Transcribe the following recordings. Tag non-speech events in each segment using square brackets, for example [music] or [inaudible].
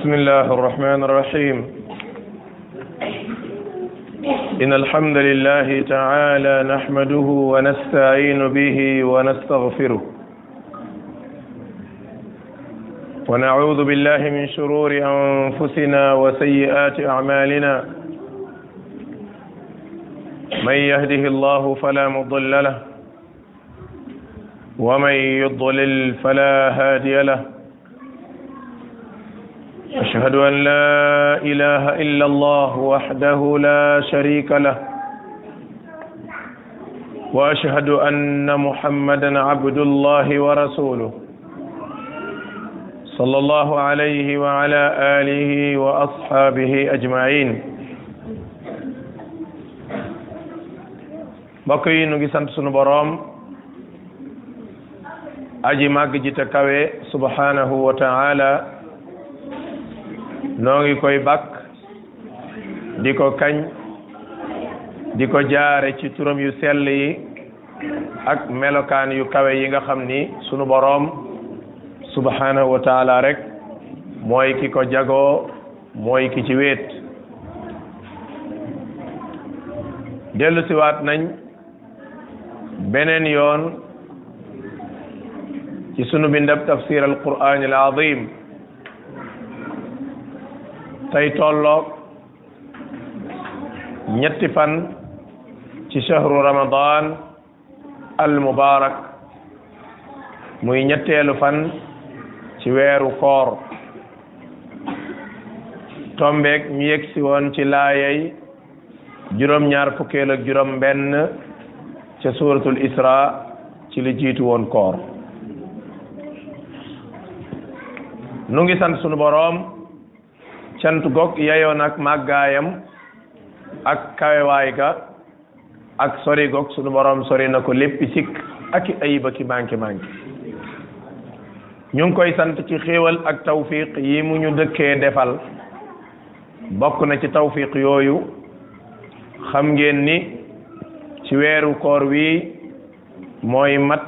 بسم الله الرحمن الرحيم إن الحمد لله تعالى نحمده ونستعين به ونستغفره ونعوذ بالله من شرور أنفسنا وسيئات أعمالنا من يهده الله فلا مضل له ومن يضلل فلا هادي له واشهد ان لا اله الا الله وحده لا شريك له واشهد ان محمدا عبد الله ورسوله صلى الله عليه وعلى اله واصحابه اجمعين بقي نجي nu ngi اجي sunu borom aji noo ngi koy bakk di ko kañ di ko jaare ci turam yu sell yi ak melokaan yu kawe yi nga xam ni sunu boroom subhanahu wa taala rek mooy ki ko jagoo mooy ki ci wéet dellu siwaat nañ beneen yoon ci sunu bindab tafsir al qur'an al azim tey tolloog ñetti fan ci shahru ramadan al mubarak muy ñetteelu fan ci weeru koor tombeek ñu yegsi woon ci laayay juróom ñaar fukkeel juróom benn ca suratul isra ci li jiitu woon koor nu ngi sant boroom sant goog yeyoon ak màggaayam ak kawewaay ga ak sori goog sunu borom sori na ko lépp sikk ak i ayiba ki manqué manqué ñu ngi koy sant ci xéewal ak tawfiq yi mu ñu dëkkee defal bokk na ci tawfiq yooyu xam ngeen ni ci weeru koor wi mooy mat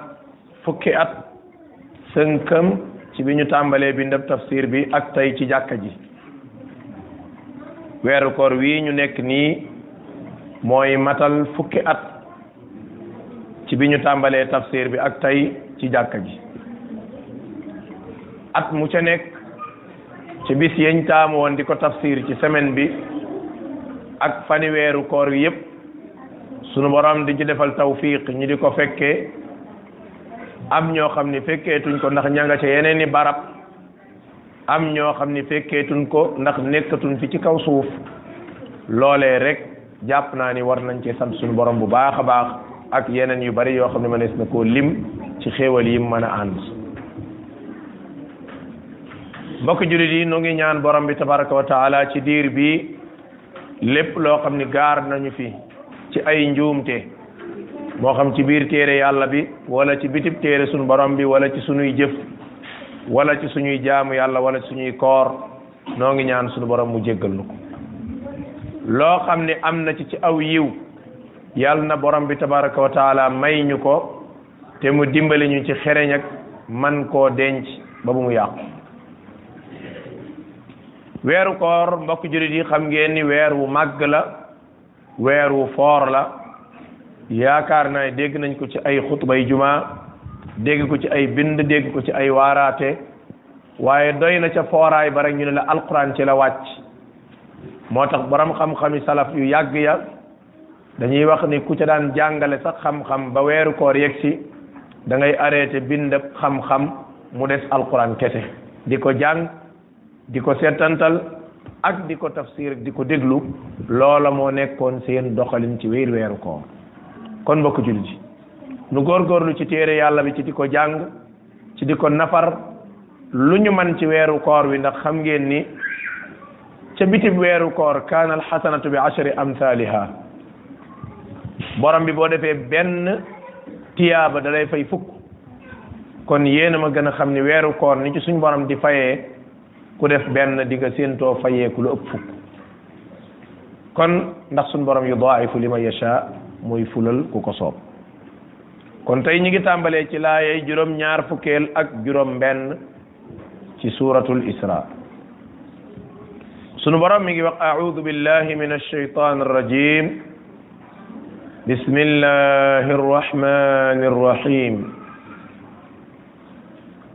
fukki at sënkam ci bi ñu tàmbalee bindab tafsir bi ak tey ci jàkka ji weeru koor wii ñu nekk nii mooy matal fukki at ci bi ñu tàmbalee tafsir bi ak tey ci jàkka ji at mu ca nekk ci bis yeñ taam woon di ko tafsir ci semaine bi ak fani weeru koor yi yëpp sunu borom di ci defal tawfiq ñi di ko fekkee am ñoo xam ni fekkeetuñ ko ndax ña nga yeneen i barab am ñoo xam ne fekkeetun ko ndax nekkatun fi ci kaw suuf loolee rek jàpp naa ni war nañ cee sant suñu borom bu baax a baax ak yeneen yu bari yoo xam ne mënees na koo lim ci xéewal yim mën a ànd mbokk jullit yi nu ngi ñaan borom bi tabaraka wa taala ci diir bi lépp loo xam ni gaar nañu fi ci ay njuumte moo xam ci biir téere yàlla bi walla ci bitib téere sunu borom bi wala ci sunuy jëf wala ci suñuy jaamu yàlla wala ci suñuy koor noo ngi ñaan suñu borom mu jéggal nu ko loo xam ne am na ci ci aw yiw yàlla na borom bi tabaraka wa taala may ñu ko te mu dimbali ñu ci xereñ ak man koo denc ba bu mu yàqu weeru koor mbokk jullit yi xam ngeen ni weer wu màgg la weer wu foor la yaakaar naa dégg nañ ko ci ay xutbay jumaa dégg ko ci ay bind dégg ko ci ay waaraate waaye doy na ca fooraay ba rek ñu ne la alquran ci la wàcc moo tax borom xam yu salaf yu yàgg ya dañuy wax ni ku ca daan jàngale sax xam-xam ba weeru koor yegg si da ngay arrêté bind xam-xam mu des alquran kese di ko jàng di ko seetantal ak di ko tafsir di ko déglu loola moo nekkoon seen doxalin ci wéer weeru koor kon mbokk jullit ji nu lu ci téere yàlla bi ci di ko jàng ci di ko nafar lu ñu man ci weeru koor wi ndax xam ngeen ni ca bitim weeru koor kaanal alxasanatu bi ashri amthaliha borom bi boo defee benn tiyaaba da fay fukk kon yéena ma gën a xam ni weeru koor ni ci suñ borom di fayee ku def benn di nga séentoo fayee ku lu ëpp fukk kon ndax suñ borom yu daifu li ma mooy muy fulal ku ko soob kon tay ñi ngi tambalé ci laayay juróom ñaar fukel ak juróom ben ci suratul isra sunu borom mi ngi wax a'udhu billahi minash shaitanir rajim bismillahir rahmanir rahim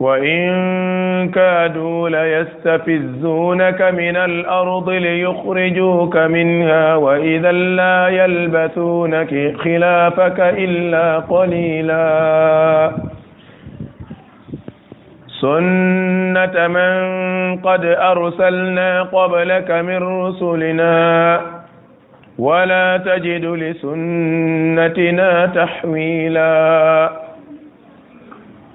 وإن كادوا ليستفزونك من الأرض ليخرجوك منها وإذا لا يلبثونك خلافك إلا قليلا سنة من قد أرسلنا قبلك من رسلنا ولا تجد لسنتنا تحويلا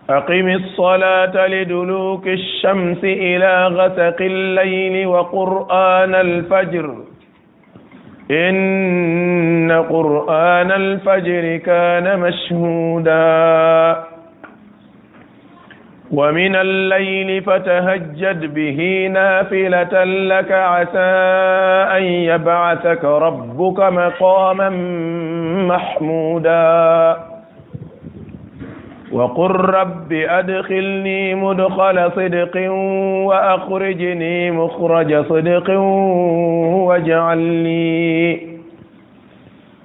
أقم الصلاة لدلوك الشمس إلى غسق الليل وقرآن الفجر إن قرآن الفجر كان مشهودا ومن الليل فتهجد به نافلة لك عسى أن يبعثك ربك مقاما محمودا وقل رب أدخلني مدخل صدق وأخرجني مخرج صدق واجعل لي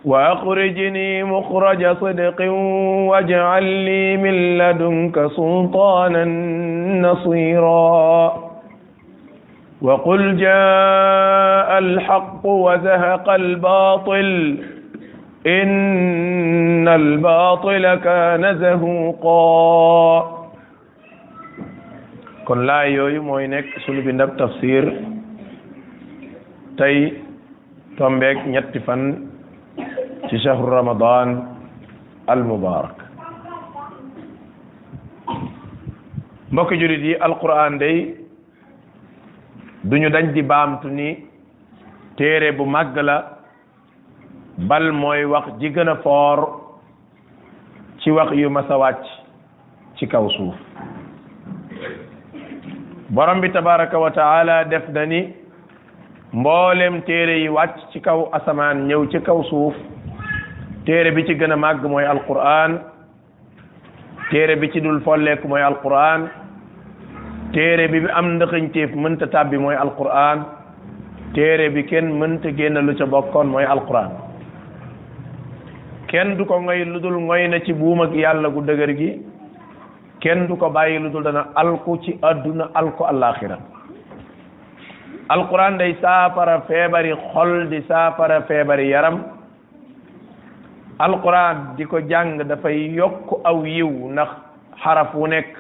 وأخرجني مخرج صدق واجعل لي من لدنك سلطانا نصيرا وقل جاء الحق وزهق الباطل إن الباطل كان kon laay yooyu mooy nekk sunu bindab tafsir tey tombeek ñetti fan ci shahru ramadan al mbokki julit yi alquran day duñu dañ di baamtu ni téere bu màgg la bal mooy wax ji gën a foor ci wax yu mas a wàcc ci kaw suuf borom bi tabaraka wa def na ni mboolem téere yi wàcc ci kaw asamaan ñëw ci kaw suuf téere bi ci gën a màgg mooy alquran téere bi ci dul folleeku mooy alquran téere bi bi am ndaxañteef mënta tàbbi mooy alquran téere bi kenn mënta génn lu ca bokkoon mooy alquran kenn du ko ngoy lu dul ngoy na ci buum ak yàlla gu dëgër gi kenn du ko bàyyi lu dul dana alku ci àdduna alku àllaaxira alquran day saafara feebari xol di saafara feebari yaram alquran di ko jàng dafay yokk aw yiw ndax xaraf wu nekk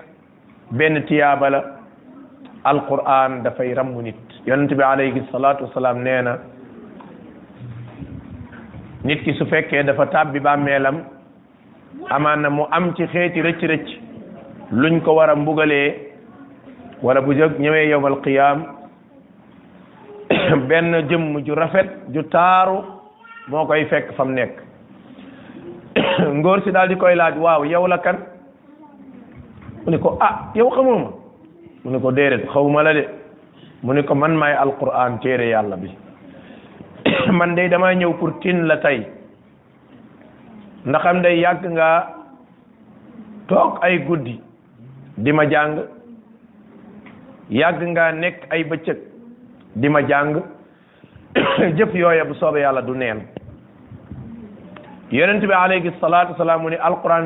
benn tiyaaba la dafay rammu nit yonent bi alayhi salaatu wasalaam nee nit ki su fekkee dafa tàbbi bàmmeelam amaan na mu am ci xeeti rëcc rëcc luñ ko war a mbugalee wala bu jóg ñëwee yowmal qiyaam [coughs] benn jëmm ju rafet ju taaru moo koy fekk fa mu nekk [coughs] ngóor si daal di koy laaj waaw yow la kan mu ne ko ah yow xamoo mu ne ko déedéet xawma la de mu ne ko man may alquran téere yàlla bi man dey dama ñëw pour tin la tey ndaxam day yàgg nga toog ay guddi di ma jàng yàgg nga nekk ay bëccëg di ma jàng [coughs] jëf yooya bu soobee yàlla du neen yonent bi alayhi salaatu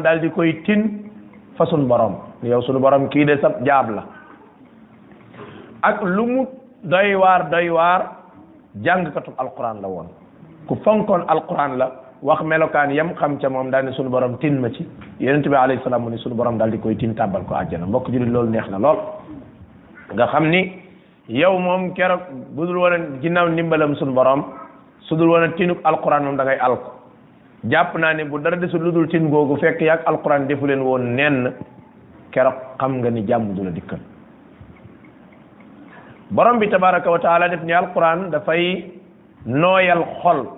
daal di koy tin fa sunu yow sunu borom kii de sab ak lu doy waar doy waar jàngkatub alquran la woon ku fonkoon alquran la wax melokaan yam xam ca moom daal ne suñu borom tin ma ci yonent bi alayhi salaam mu ne suñu borom daal di koy tin tàbbal ko àjjana mbokk jullit lool neex na lool nga xam ni yow moom keroog budul woon a ginnaaw ndimbalam sunu borom su dul woon a tinub alquran moom da ngay jàpp naa ne bu dara desul lu dul tin googu fekk yaag alquran defu leen woon nenn keroog xam nga ni jàmm du dikka borom bi tabaraka wa def ni alquran dafay nooyal xol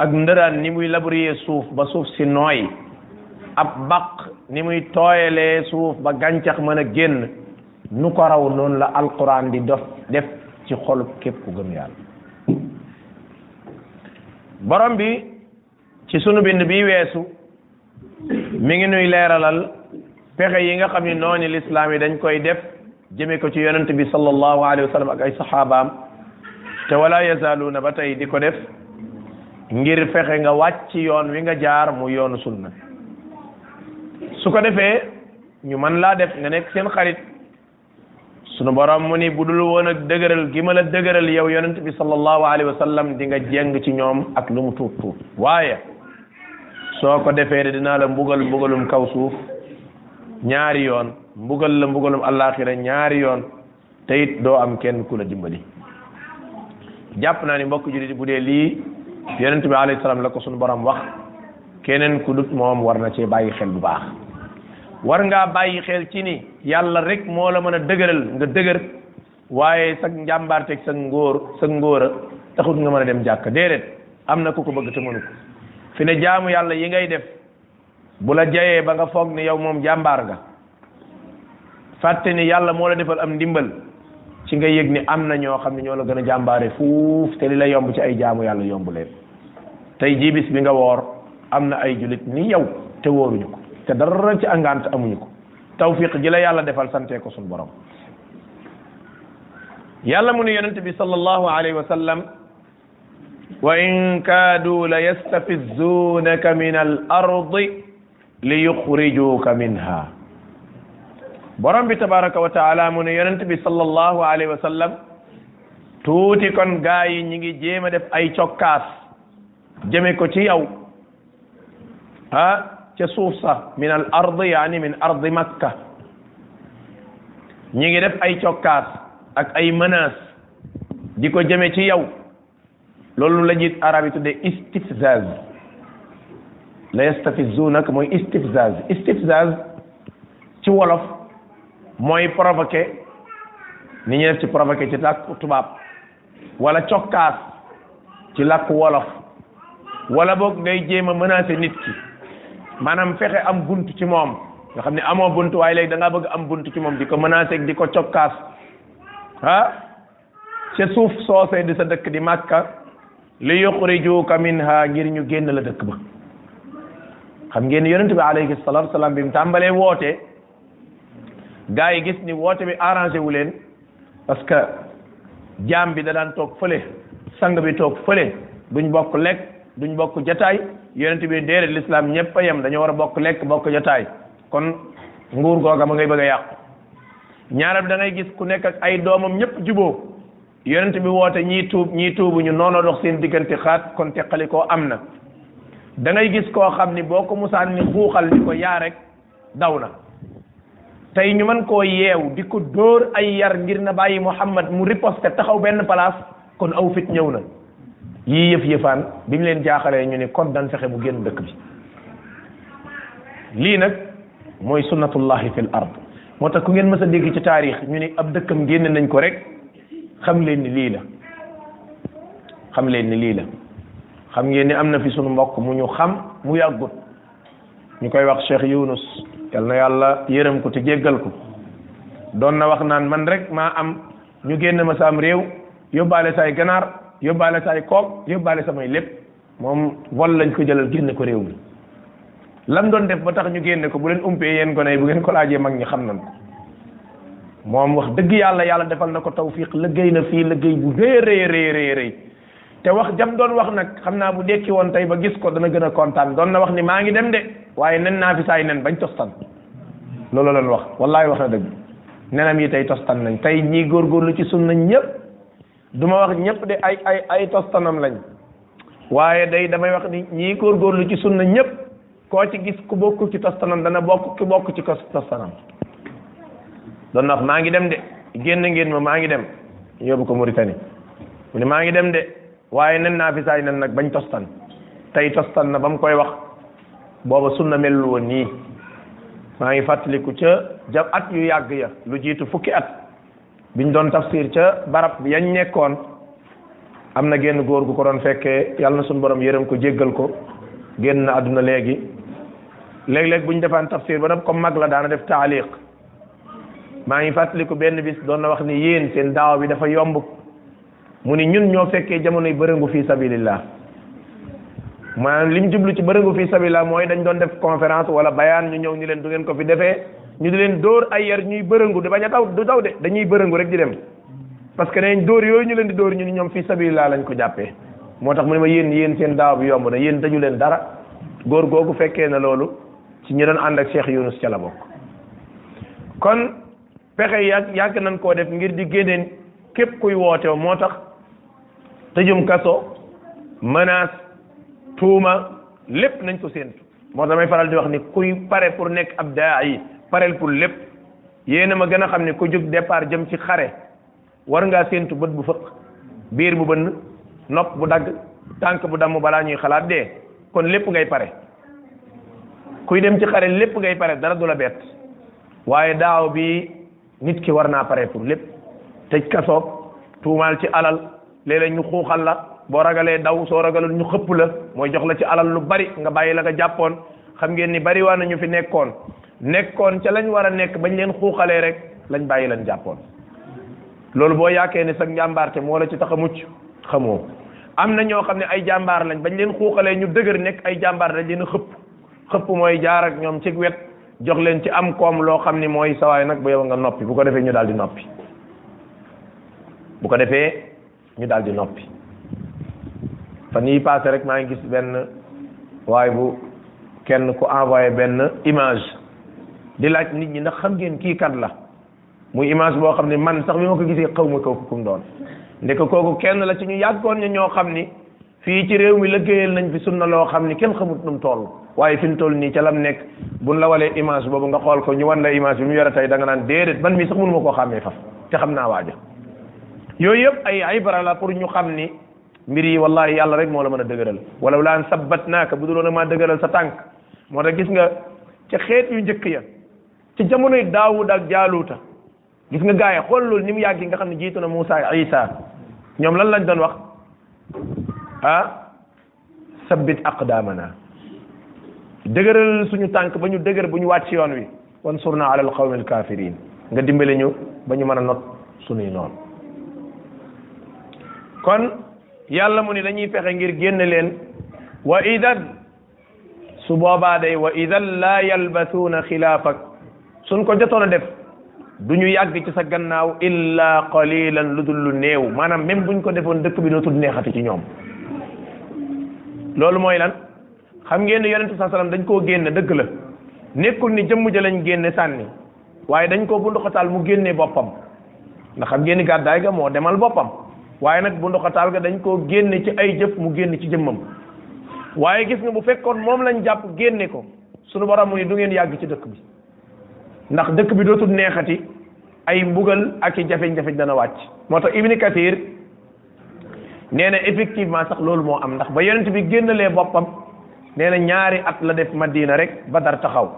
ak ndëraan ni muy labourer suuf ba suuf si nooy ab baq ni muy tooyalee suuf ba gàncax mën a génn nu ko raw noonu la alquran di dof def ci xol képp ku gëm yàlla borom bi ci sunu bind bi weesu mu ngi nuy leeralal pexe yi nga xam ni noonu lislaam yi dañ koy def jëme ko ci yonent bi sallallahu alayhi wa sallam ak ay saxaabaam te wala yazaaluuna ba tey di ko def ngir fexe nga wàcc yoon wi nga jaar mu yoonu sunna su ko defee ñu mën laa def nga nekk seen xarit sunu borom mu ni bu dul woon ak dëgëral gi ma la dëgëral yow yonent bi sallallahu alayhi wa sallam di nga jeng ci ñoom ak lu mu tuut waaye soo ko defee de naa la bugal mbugalum kaw suuf ñaari yoon mbugal la mbugalum àllaaxira ñaari yoon te it doo am kenn ku la dimbali jàpp naa ni mbokk jullit bu dee lii yeneen bi alayhi salaam la ko suñu borom wax keneen ku moom war na cee bàyyi xel bu baax war ngaa bàyyi xel ci ni yàlla rek moo la mën a dëgëral nga dëgër waaye sag njàmbaarteeg sag ngóor sag ngóora taxut nga mën a dem jàkk déedéet am na ku ko bëgg te mënu fi ne jaamu yàlla yi ngay def bu la jayee ba nga foog ni yow moom jàmbaar nga fàtte ni yàlla moo la defal am ndimbal ci nga yëg ni am na ñoo xam ne ñoo la gën a jàmbaare fuuf te li la yomb ci ay jaamu yàlla yomb leen tey jii bis bi nga woor am na ay julit ni yow te wóoruñu ko te dara ci angant amuñu ko tawfiq ji la yàlla defal sante ko suñu borom yàlla mu ne yonente bi sallallahu alayhi wa wa in kaadu la yastafizuunaka min al li yuxrijuuka minha borom bi tabaraka wa taala mu ne yonent bi sallallahu alayhi wa sallam tuuti kon gaa yi ñi ngi jéem a def ay cokkaas jeme ko ci yow ah ca suuf sa min al ard min ardi makka ñi ngi def ay cokkaas ak ay menace di ko jëme ci yow loolu la jiit arab yi la nag mooy istifzaz istifzaz ci wolof mooy provoqué ni ñu def ci provoqué ci làkku tubaab wala cokkaas ci làkku wolof wala boog ngay jéem a menacé nit ki maanaam fexe am bunt ci moom nga xam ne amoo bunt waaye léegi da bëgg am bunt ci moom di ko menacé di ko cokkaas ah ca suuf soosee di sa dëkk di màkka li yuxrijuka minha ngir ñu génn la dëkk ba xam ngeen yonent bi alayhi salaatu salaam bi mu tàmbalee woote gaa yi gis ni woote bi arrangé wu leen parce que jaam bi da daan toog fële sang bi toog fële duñ bokk lekk duñ bokk jataay yonent bi déedéet l'islam ñëpp a yem dañoo war a bokk lekk bokk jataay kon nguur googa ma ngay bëgg a yàqu ñaareel bi da gis ku nekk ak ay doomam ñëpp juboo yonent bi woote ñii tuub ñii tuubu ñu noonu dox seen diggante xaat kon teqali ko am na dangay gis koo xam ni boo ko musaan ni xuuxal ni ko yaa rek daw na tey ñu mën koo yeew di ko dóor ay yar ngir na bàyyi Muhammad mu riposte taxaw benn palaas kon aw fit ñëw na yii yëf yëfaan bi mu leen jaaxalee ñu ni kon dan fexe mu génn dëkk bi lii nag mooy sunnatullahi fil ard moo tax ku ngeen mës a dégg ci taarix ñu ni ab dëkkam génn nañ ko rek xam leen lii la xam leen ni lii la xam ngeen ni am na fi sunu mbokk mu ñu xam mu yàggut ñu koy wax Cheikh Yunus yal na yàlla yërëm ko te jéggal ko doon na wax naan man rek maa am ñu génn ma saam réew yóbbaale saay ganaar yóbbaale saay koog yóbbaale samay lépp moom vol lañ ko jëlal génne ko réew mi lam def ba tax ñu génne ko bu leen umpee yéen gone bu ngeen ko laajee mag ñi xam nañ ko wax dëgg yàlla yàlla defal na ko tawfiq liggéey na fii liggéey bu rëy rëy rëy te wax jam doon wax nag xam naa bu dekki woon tey ba gis ko dana gën a kontaan doon na wax ni maa ngi dem de waaye nen naa fi saay nen bañ tostan loolu lañ wax wallahi wax na dëgg nenam yi tey tostan nañ tey ñii góorgóorlu ci sunna ñëpp du ma wax ñëpp de ay ay ay tostanam lañ waaye day damay wax ni ñii góorgóorlu ci sunna ñëpp koo ci gis ku bokkul ci tostanam dana bokk ku bokk ci tostanam doon na maa ngi dem de génn ngeen ma maa ngi dem yóbbu ko Mauritanie mu ne maa ngi dem de waaye nen naa fi saay nen nag bañ tostan tey tostan na ba mu koy wax booba sunna melul woon nii maa ngi fàttaliku ca ja at yu yàgg ya lu jiitu fukki at biñ doon tafsir ca barab yañ nekkoon am na génn góor gu ko doon fekkee yàlla na suñu borom yërëm ko jéggal ko génn na àdduna léegi léeg-léeg bu ñu defaan tafsir ba nag comme mag la daana def taaliq maa ngi fàttaliku benn bis doon na wax ni yéen seen daaw bi dafa yomb mu ni ñun ñoo fekkee jamonoy bërëngu fii sabilillah maanaam li ñu jublu ci bërëngu fii sabilillah mooy dañ doon def conférence wala bayaan ñu ñëw ñu leen du ngeen ko fi defee ñu di leen dóor a yar ñuy bërëngu di bañ a taw du daw de dañuy bërëngu rek di dem parce que neñ dóor yooyu ñu leen di dóor ñu ni ñoom fii sabilillah lañ ko jàppee moo tax mu ne ma yéen yéen seen daaw bi yomb na yéen dañu leen dara góor googu fekkee na loolu ci ñu doon ànd ak Cheikh Yunus ca la bokk kon pexe yàgg nañ koo def ngir di génneen képp kuy woote moo tax tëjum kaso menace tuuma lépp nañ ko séentu moo damay faral di wax ni kuy pare pour nekk ab daa yi parel pour lépp yéena ma gën a xam ne ku jóg départ jëm ci xare war ngaa séentu bët bu fëq biir bu bënn nopp bu dagg tànk bu damm balaa ñuy xalaat de kon lépp ngay pare kuy dem ci xare lépp ngay pare dara du a bett waaye daaw bi nit ki war naa pare pour lépp tëj kaso tuumaal ci alal léeg ñu xuuxal la boo ragalee daw soo ragalul ñu xëpp la mooy jox la ci alal lu bari nga bàyyi la nga jàppoon xam ngeen ni bari waa na ñu fi nekkoon nekkoon ca lañ war a nekk bañ leen xuuxalee rek lañ bàyyi leen jàppoon loolu boo yaakee ne sag njàmbaarte moo la ci tax a mucc xamoo am na ñoo xam ne ay jàmbaar lañ bañ leen xuuxalee ñu dëgër nekk ay jàmbaar dañ leen xëpp xëpp mooy jaar ak ñoom ci wet jox leen ci am koom loo xam ni mooy sawaay nag bu yow nga noppi bu ko defee ñu daal di noppi bu defee ñu daal di noppi fan yii paase rek maa ngi gis benn waaye bu kenn ku envoyé benn image di laaj nit ñi ndax xam ngeen kii kan la muy image boo xam ne man sax bi ma ko gisee xaw ma kooku kum doon ndekk kooku kenn la ci ñu yàggoon ñu ñoo xam ni fii ci réew mi liggéeyal nañ fi sunna loo xam ni kenn xamut nu tool toll waaye fi mu toll nii ca lam nekk buñ la walee image boobu nga xool ko ñu wan la image bi mu yore tey da nga naan déedéet man mii sax mënu ma koo xàmmee faf te xam naa waaja yooyu yëpp ay ay la pour ñu xam ni mbir yi wallahi yàlla rek moo la mën a dëgëral wala wala an sabbat naaka bu duloon a maa dëgëral sa tànk moo tax gis nga ca xeet yu njëkk ya ci jamonoy daawud ak jaaluuta gis nga gaay yi xool loolu ni mu yàgg yi nga xam ne jiitu na Moussa ak Isa ñoom lan lañ doon wax ah sabbit aqdaamana dëgëral suñu tànk ba ñu dëgër bu ñu wàcc yoon wi wansurna ala alqawmi alkafirin nga dimbale ñu ba ñu mën a not suñuy noon kon yàlla mu ni dañuy fexe ngir génn leen wa idan su boobaa day wa idan laa yalbasuuna xilaafak suñ ko jotoon a def du ñu yàgg ci sa gannaaw illa qalilan lu dul lu néew maanaam même buñ ko defoon dëkk bi dootul neexati ci ñoom loolu mooy lan xam ngeen ne yonente saa salaam dañ koo génne dëgg la nekkul ni jëmm ja lañ génn sànni waaye dañ koo bunduxataal mu génnee boppam ndax xam ngeen gàddaay ga moo demal boppam waaye nag bu taal ga dañ koo génne ci ay jëf mu génn ci jëmmam waaye gis nga bu fekkoon moom lañ jàpp génne ko sunu borom mu ni du ngeen yàgg ci dëkk bi ndax dëkk bi dootul neexati ay mbugal ak i jafe-jafe dana wàcc moo tax Ibn Kathir nee na effectivement sax loolu moo am ndax ba yonent bi génnalee boppam nee na ñaari at la def Madina rek Badar taxaw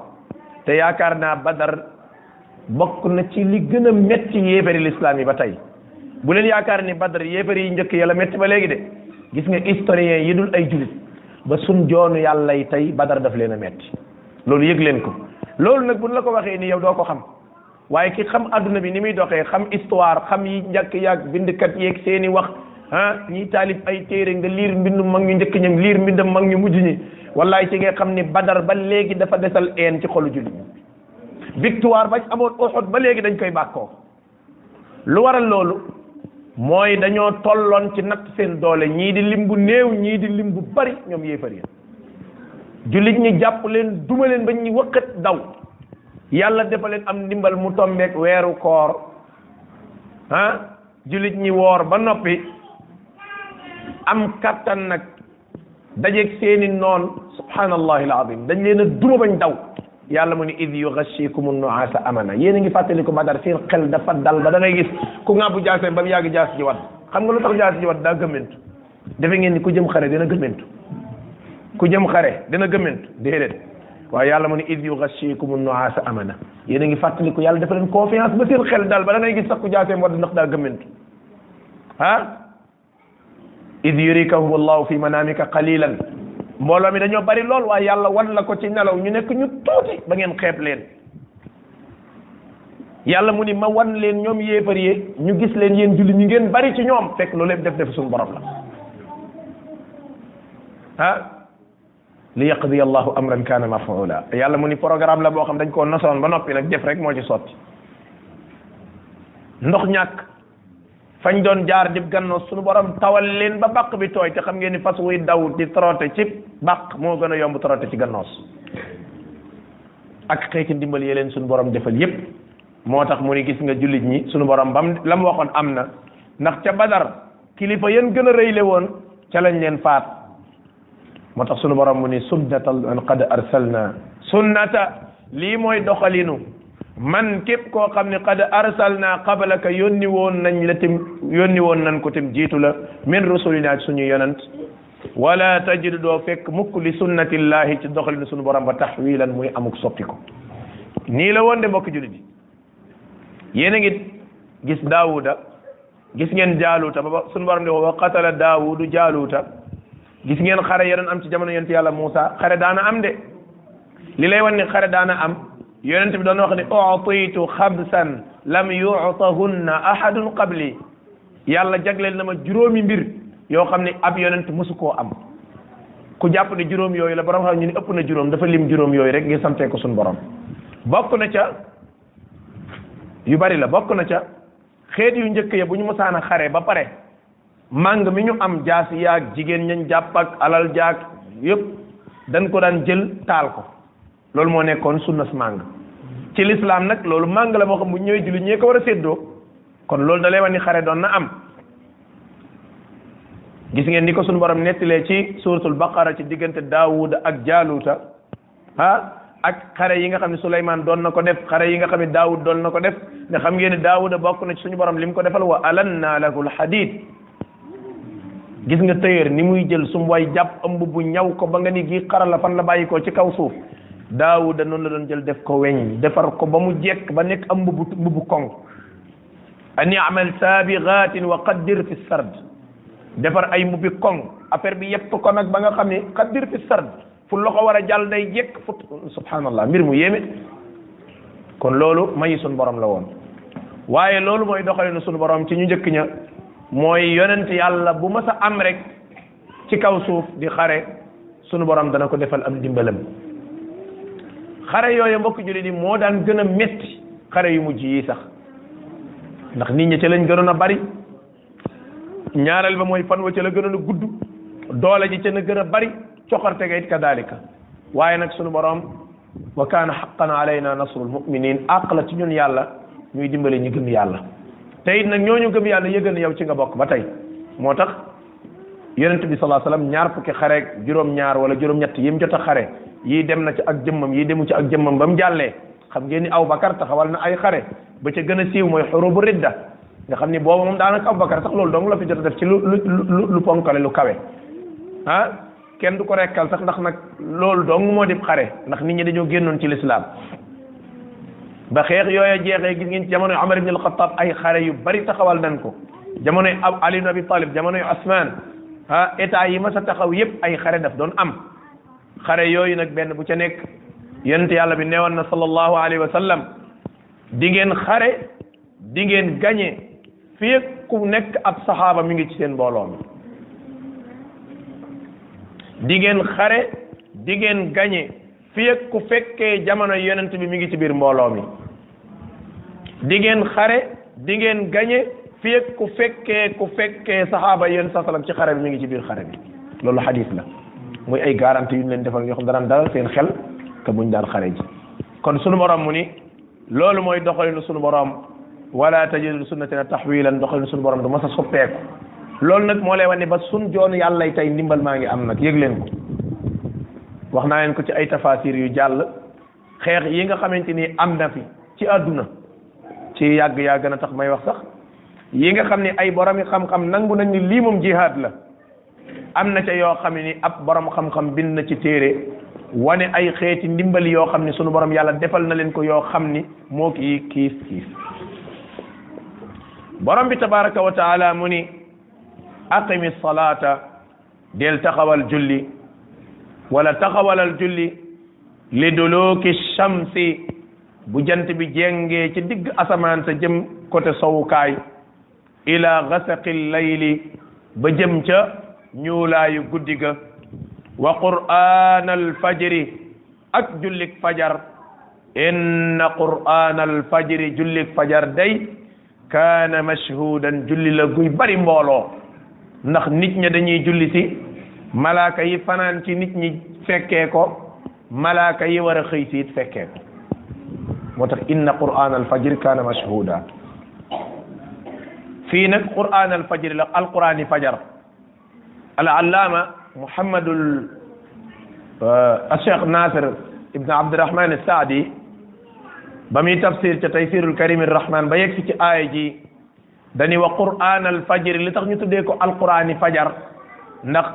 te yaakaar naa Badar bokk na ci li gën a metti yéebari lislaam yi ba tey bu leen yaakaar ni badar yéefar yi njëkk yàlla métti ba léegi de gis nga historien yi dul ay julit ba sun joonu yàlla yi tey badar daf leen a metti loolu yëg leen ko loolu nag buñ la ko waxee ni yow doo ko xam waaye ki xam adduna bi ni muy doxee xam histoire xam yi njàkk yaag bindkat yeeg seen i wax ah ñiy taalif ay téere nga liir mbindum mag ñu njëkk ñam liir mbindam mag ñu mujj ñi wallaay ci nga xam ni badar ba léegi dafa desal een ci xolu julit victoire bañ ba léegi dañ koy bàkkoo lu mooy dañoo tolloon ci natt seen doole ñii di lim néew ñii di lim bu bari ñoom yéefar ya jullit ñi jàpp leen duma leen ba ñu daw yàlla defa leen am ndimbal mu tombeek weeru koor ah jullit ñi woor ba noppi am kàttan nag dajeeg seeni noon subhaanallahi alazim dañ leen a duma bañ daw yàlla mu ni id yughashikumu nu'asa amana yéen ngi ngi fàttaliku badar seen xel dafa dal ba da ngay gis ku ŋàbbu jaase ba mu yàgg jaas ji wat xam nga lu tax jaas ji wat daa gëmmentu defe ngeen ni ku jëm xare dina gëmmentu ku jëm xare dina gëmmentu déedéet waaye yàlla mu ni id yughashikumu nu'asa amana yéen a ngi fàttaliku yàlla dafa leen confiance ba seen xel dal ba da ngay gis sax ku jaaseem wat ndax daa gëmmentu ah id yurikahumu allahu fi manamika qalilan mbooloo mi dañoo bari lool waaye yàlla wan la ko ci nelaw ñu nekk ñu tuuti ba ngeen xeeb leen yàlla mu ni ma wan leen ñoom yéefar yee ñu gis leen yéen julli ñu ngeen bari ci ñoom fekk loolu yëpp def def suñu borom la ah li yaqdi allahu amran kaana mafuula yàlla mu ni programme la boo xam dañ koo nosoon ba noppi nag jëf rek moo ci sotti ndox ñàkk fañ doon jaar di gannoo suñu borom tawal leen ba bàq bi tooy te xam ngeen ni fas wuy daw di trotte ci bàq moo gën a yomb trotte ci gannoos ak xeeti ndimbal yi leen suñu borom defal yépp moo tax mu ni gis nga jullit ñi suñu borom bam la mu waxoon am na ndax ca badar kilifa yéen gën a rëyle woon ca lañ leen faat moo tax suñu borom mu ni sunnata qad arsalna sunnata lii mooy doxalinu man képp koo xam ne qad arsalna qablaka yónni woon nañ la tim yónni woon nañ ko tim jiitu la min rusulina suñu yonant wala tajidu doo fekk mukk li sunnatillahi ci doxalinu suñu borom ba taxwilan muy amuk soppi ko nii la woon de mbokk jullit yi yéen a ngi gis daawuda gis ngeen jaaluta ba suñu borom di wa qatala daawudu jaaluta gis ngeen xare ya doon am ci jamono yonent yàlla Muusa xare daana am de li lay wan ni xare daana am yonent bi doon wax ne utiitu xamsan lam yuutahunna ahadun qabli yàlla jagleel na ma juróomi mbir yoo xam ne ab yonent mësu koo am ku jàpp ne juróom yooyu la borom xam ñu ne ëpp na juróom dafa lim juróom yooyu rek ngir santee ko suñu borom bokk na ca yu bari la bokk na ca xeet yu njëkk ya bu ñu mosaan a xare ba pare màng mi ñu am jaas yaag jigéen ñañ jàpp ak alal jaag yépp dan ko daan jël taal ko loolu moo nekkoon sunnas màng ci lislaam nag loolu màng la moo xam bu ñëwee jullit ñee ko war a séddoo kon loolu da lay ni xare doon na am gis ngeen ni ko suñu borom nettalee ci suuratul baqara ci diggante daawuda ak jaaluuta ah ak xare yi nga xam ne Souleymane doon na ko def xare yi nga xam ne daawud doon na ko def nga xam ngeen ne bokk na suñu borom li mu ko defal wa alannaa lahul hadiid gis nga tëyër ni muy jël sum way jàpp ëmb bu ñaw ko ba nga ni gii xaral la fan la bàyyi ko ci kaw suuf daawu da noonu la doon jël def ko weñ defar ko ba mu jekk ba nekk am mbubu mbubu koŋ an amal saabigaatin wa qaddir fi sard defar ay mbubi koŋ affaire bi yepp ko nag ba nga xam ne qaddir fi sard fu loxo war a jàll day jekk fu subhanallah mbir mu yéeme kon loolu may sunu borom la woon waaye loolu mooy doxalinu sunu borom ci ñu njëkk ña mooy yonent yàlla bu mas a am rek ci kaw suuf di xare sunu borom dana ko defal am dimbalam xare yooyu mbokk jullit yi moo daan gën a metti xare yu mujj yi sax ndax nit ñi ca lañ gënoon a bari ñaareel ba mooy fan wa ca la gën a gudd doole ji ca na gën a bari coxarte ga it kadalika waaye nag sunu borom wa kaana xaqan alayna nasrul muminin àq la ci ñun yàlla ñuy dimbale ñu gëm yàlla te it nag ñooñu gëm yàlla yëgal ne yow ci nga bokk ba tey moo tax yonent bi salaa sallam ñaar fukki xare juróom-ñaar wala juróom-ñett yim jot a xare yii dem na ci ak jëmmam yii demu ci ak jëmmam ba mu jàllee xam ngeen ni Aboubacar taxawal na ay xare ba ca gën a siiw mooy xurubu ridda nga xam ni booba moom daanaka Aboubacar sax loolu dong la fi jot a def lu lu lu lu ponkale lu kawe ah kenn du ko rekkal sax ndax nag loolu dong moo dib xare ndax nit ñi dañoo génnoon ci lislaam ba xeex yooya jeexee gis ngeen jamonoy Omar ibn al-Khattab ay xare yu bari taxawal nañ ko jamonoy Ali ibn Abi Talib jamonoy Osman ah état yi mas a taxaw yépp ay xare daf doon am xare yooyu nag benn bu ca nekk yonent yàlla bi newoon na sallallahu alayhi wa sallam di ngeen xare di ngeen gañe fi ku nekk ab saxaaba mi ngi ci seen mbooloo di ngeen xare di ngeen gañe fii ku fekkee jamono yonent bi mi ngi ci biir mbooloo mi di ngeen xare di ngeen gañe fii ku fekkee ku fekkee saxaaba yéen sa salam ci xare bi mi ngi ci biir xare bi loolu xadis la muy ay garantie yu ñu leen defal yoo xam daan dalal seen xel te buñ daan xare ji kon sunu borom mu ni loolu mooy doxalinu sunu borom wala tajidu sunnatina tahwilan doxalinu sunu borom du mas sa soppeeku loolu nag moo lay wane ba sun joon yàllay tey ndimbal maa ngi am nag yëg leen ko wax naa leen ko ci ay tafasir yu jàll xeex yi nga xamante ni am na fi ci àdduna ci yàgg yàgg na tax may wax sax yi nga xam ne ay boromi xam-xam nangu nañ ni lii moom jihaad la am na ca yoo xam ni ab borom xam-xam bind na ci téere wane ay xeeti ndimbal yoo xam ni sunu borom yàlla defal na leen ko yoo xam ni moo ki kii kiis kiis borom bi tabaraka wa mu ni aqimi salaata del taxawal julli wala taxawalal julli li dulooki shamsi bu jant bi jengee ci digg asamaan sa jëm côté sowukaay ila gasaqi layli ba jëm ca ñuulaayu guddi ga wa qur'aan alfajri ak jullik fajar inna qur'aan alfajri jullik fajar day kaana mashhuudan julli la guy bari mbooloo ndax nit ña dañuy julli si malaaka yi fanaan ci nit ñi fekkee ko malaaka yi war a xëy si it fekkee ko moo tax inna qur'aan alfajri kaana mashhuuda fii nag qur'aan alfajri la alqur'aani fajar العلامة محمد ال... الشيخ ناصر ابن عبد الرحمن السعدي بمي تفسير تيسير الكريم الرحمن با يكسي آية جي داني وقرآن الفجر اللي تخني تديكو القرآن فجر نخ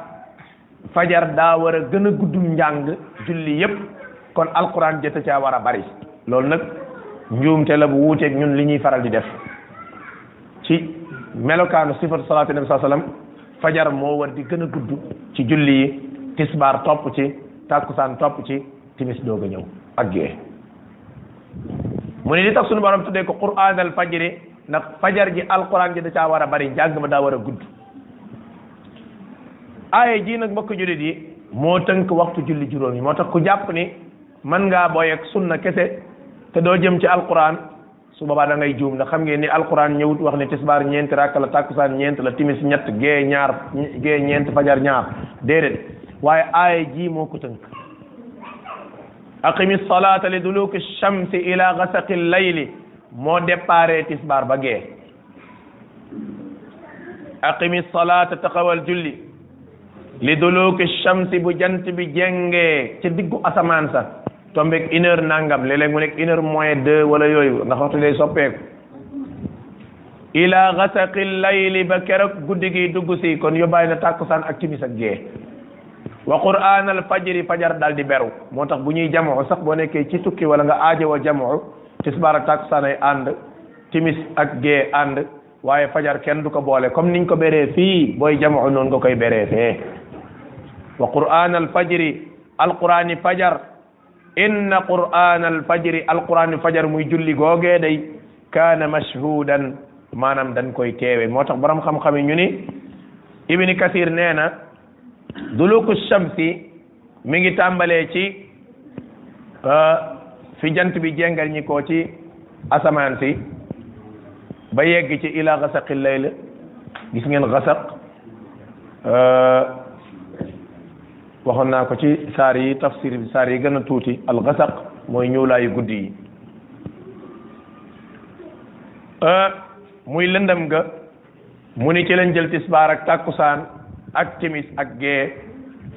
فجر دا ورا gëna guddum njang julli yépp kon alquran jëta ca wara bari loolu nag njuumte la bu wuuteeg ñun li ñuy faral di def ci melokaanu sifatu salaatu nabi saa sallam fajar moo war di gën a gudd ci julli yi tisbaar topp ci takusaan topp ci timis doog a ñëw ak gee mu ne li tax sunu borom tuddee ko qur'an al fajri nak fajar ji alquran ji da caa war a bari jàng ma daa war a gudd aaye ji nag mbokk julit yi moo tënk waxtu julli juróom yi moo ku jàpp ni man ngaa boyeeg sunna kese te doo jëm ci alquran su boobaa da ngay juum ndax xam ngeen ni alquran ñëwut wax ne tisbaar ñeenti rakk la takkusaan ñeent la timis ñett gee ñaar gee ñeent fajar ñaar déedéet waaye aaya jii moo ko tënk aqimi salata li duluki shamsi ila gasaqi layli moo déparé tisbaar ba gee aqimi salata taxawal julli li duluki shamsi bu jant bi jengee ca diggu asamaan sa tombeeg une nangam léeg-léeg mu nekk une heure moins deux wala yooyu ndax waxtu day soppeeku ila xasaqi layli ba keroog guddi gi dugg si kon yóbbaale na tàkkusaan ak timis ak gee wa quraan al fajri fajar daal di beru moo tax bu ñuy jamoo sax boo nekkee ci tukki wala nga aajowoo jamoo tisbaar ak tàkkusaan ay ànd timis ak gee waaye fajar kenn du ko boole comme niñ ko beree fii booy jamoo noonu nga koy beree fee wa quraan al fajri al quraani fajar inna qur'aan al fajri alqur'aan fajar muy julli googee day kaana mashhuudan maanaam dañ koy teewe moo tax borom xam-xam yi ñu ni ibni kasir nee na duluku shamsi mi ngi tàmbalee ci euh, fi jant bi jengal ñi ko ci asamaan si ba yegg ci ila gasaqi layl gis ngeen gasaq euh, waxoon naa ko ci saar yi tafsir bi saar yi gën a tuuti alxasaq mooy ñuulaayu guddi yi euh, muy lëndam ga mu ni ci leen jël tisbaar ak tàkkusaan ak timis ak gee